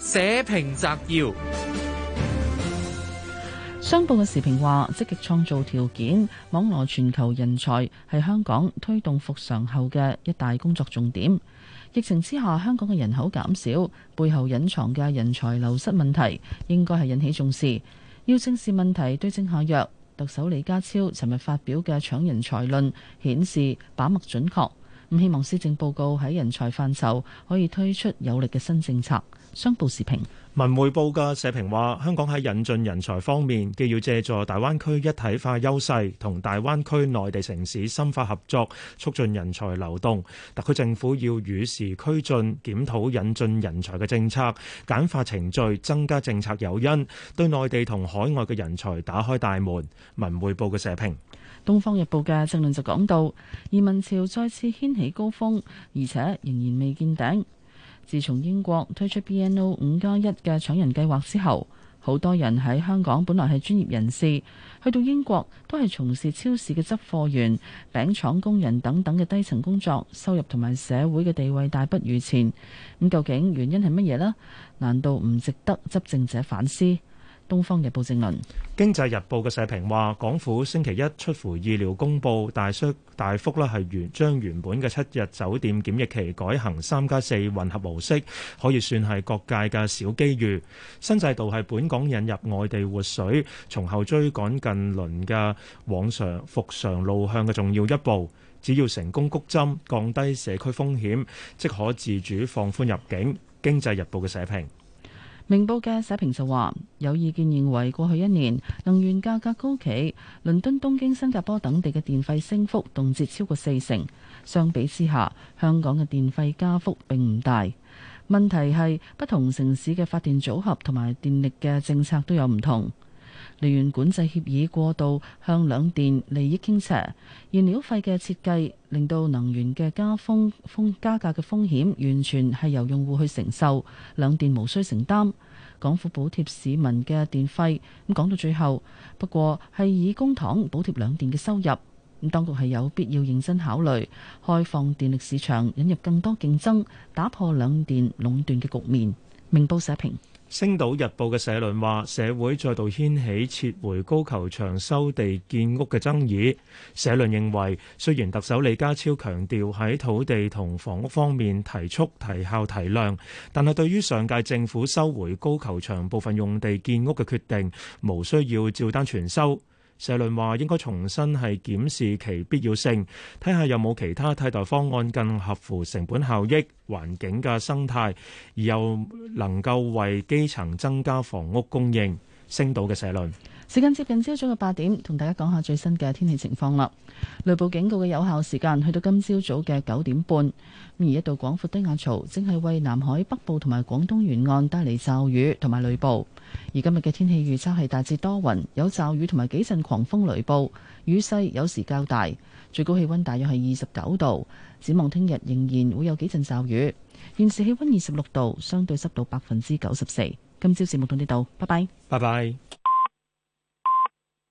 社評摘要：商報嘅時評話，積極創造條件，網羅全球人才係香港推動復常後嘅一大工作重點。疫情之下，香港嘅人口減少，背後隱藏嘅人才流失問題應該係引起重視，要正視問題對症下藥，特首李家超尋日發表嘅搶人才論顯示把脈準確，咁希望施政報告喺人才範疇可以推出有力嘅新政策。商報視頻。文匯報嘅社評話，香港喺引進人才方面，既要借助大灣區一體化優勢，同大灣區內地城市深化合作，促進人才流動；特區政府要與時俱進，檢討引進人才嘅政策，簡化程序，增加政策誘因，對內地同海外嘅人才打開大門。文匯報嘅社評，東方日報嘅正論就講到，移民潮再次掀起高峰，而且仍然未見頂。自從英國推出 BNO 五加一嘅搶人計劃之後，好多人喺香港本來係專業人士，去到英國都係從事超市嘅執貨員、餅廠工人等等嘅低層工作，收入同埋社會嘅地位大不如前。咁究竟原因係乜嘢呢？難道唔值得執政者反思？東方日報正論，《經濟日報》嘅社評話，港府星期一出乎意料公布，大幅大幅咧，係原將原本嘅七日酒店檢疫期改行三加四混合模式，可以算係各界嘅小機遇。新制度係本港引入外地活水，從後追趕近鄰嘅往常復常路向嘅重要一步。只要成功谷針，降低社區風險，即可自主放寬入境。《經濟日報》嘅社評。明報嘅社評就話，有意見認為過去一年能源價格高企，倫敦、東京、新加坡等地嘅電費升幅動輒超過四成，相比之下香港嘅電費加幅並唔大。問題係不同城市嘅發電組合同埋電力嘅政策都有唔同。能源管制協議過度向兩電利益傾斜，燃料費嘅設計令到能源嘅加風風加價嘅風險完全係由用戶去承受，兩電無需承擔。港府補貼市民嘅電費，咁講到最後不過係以公帑補貼兩電嘅收入。咁當局係有必要認真考慮開放電力市場引入更多競爭，打破兩電壟斷嘅局面。明報社評。《星島日報》嘅社論話：社會再度掀起撤回高球場收地建屋嘅爭議。社論認為，雖然特首李家超強調喺土地同房屋方面提速、提效、提量，但係對於上屆政府收回高球場部分用地建屋嘅決定，無需要照單全收。社論話應該重新係檢視其必要性，睇下有冇其他替代方案更合乎成本效益，環境嘅生態，而又能夠為基層增加房屋供應。星島嘅社論。時間接近朝早嘅八點，同大家講下最新嘅天氣情況啦。雷暴警告嘅有效時間去到今朝早嘅九點半。而一道廣闊低壓槽正係為南海北部同埋廣東沿岸帶嚟驟雨同埋雷暴。而今日嘅天氣預測係大致多雲，有驟雨同埋幾陣狂風雷暴，雨勢有時較大。最高氣温大約係二十九度。展望聽日仍然會有幾陣驟雨。現時氣温二十六度，相對濕度百分之九十四。今朝節目到呢度，拜拜。拜拜。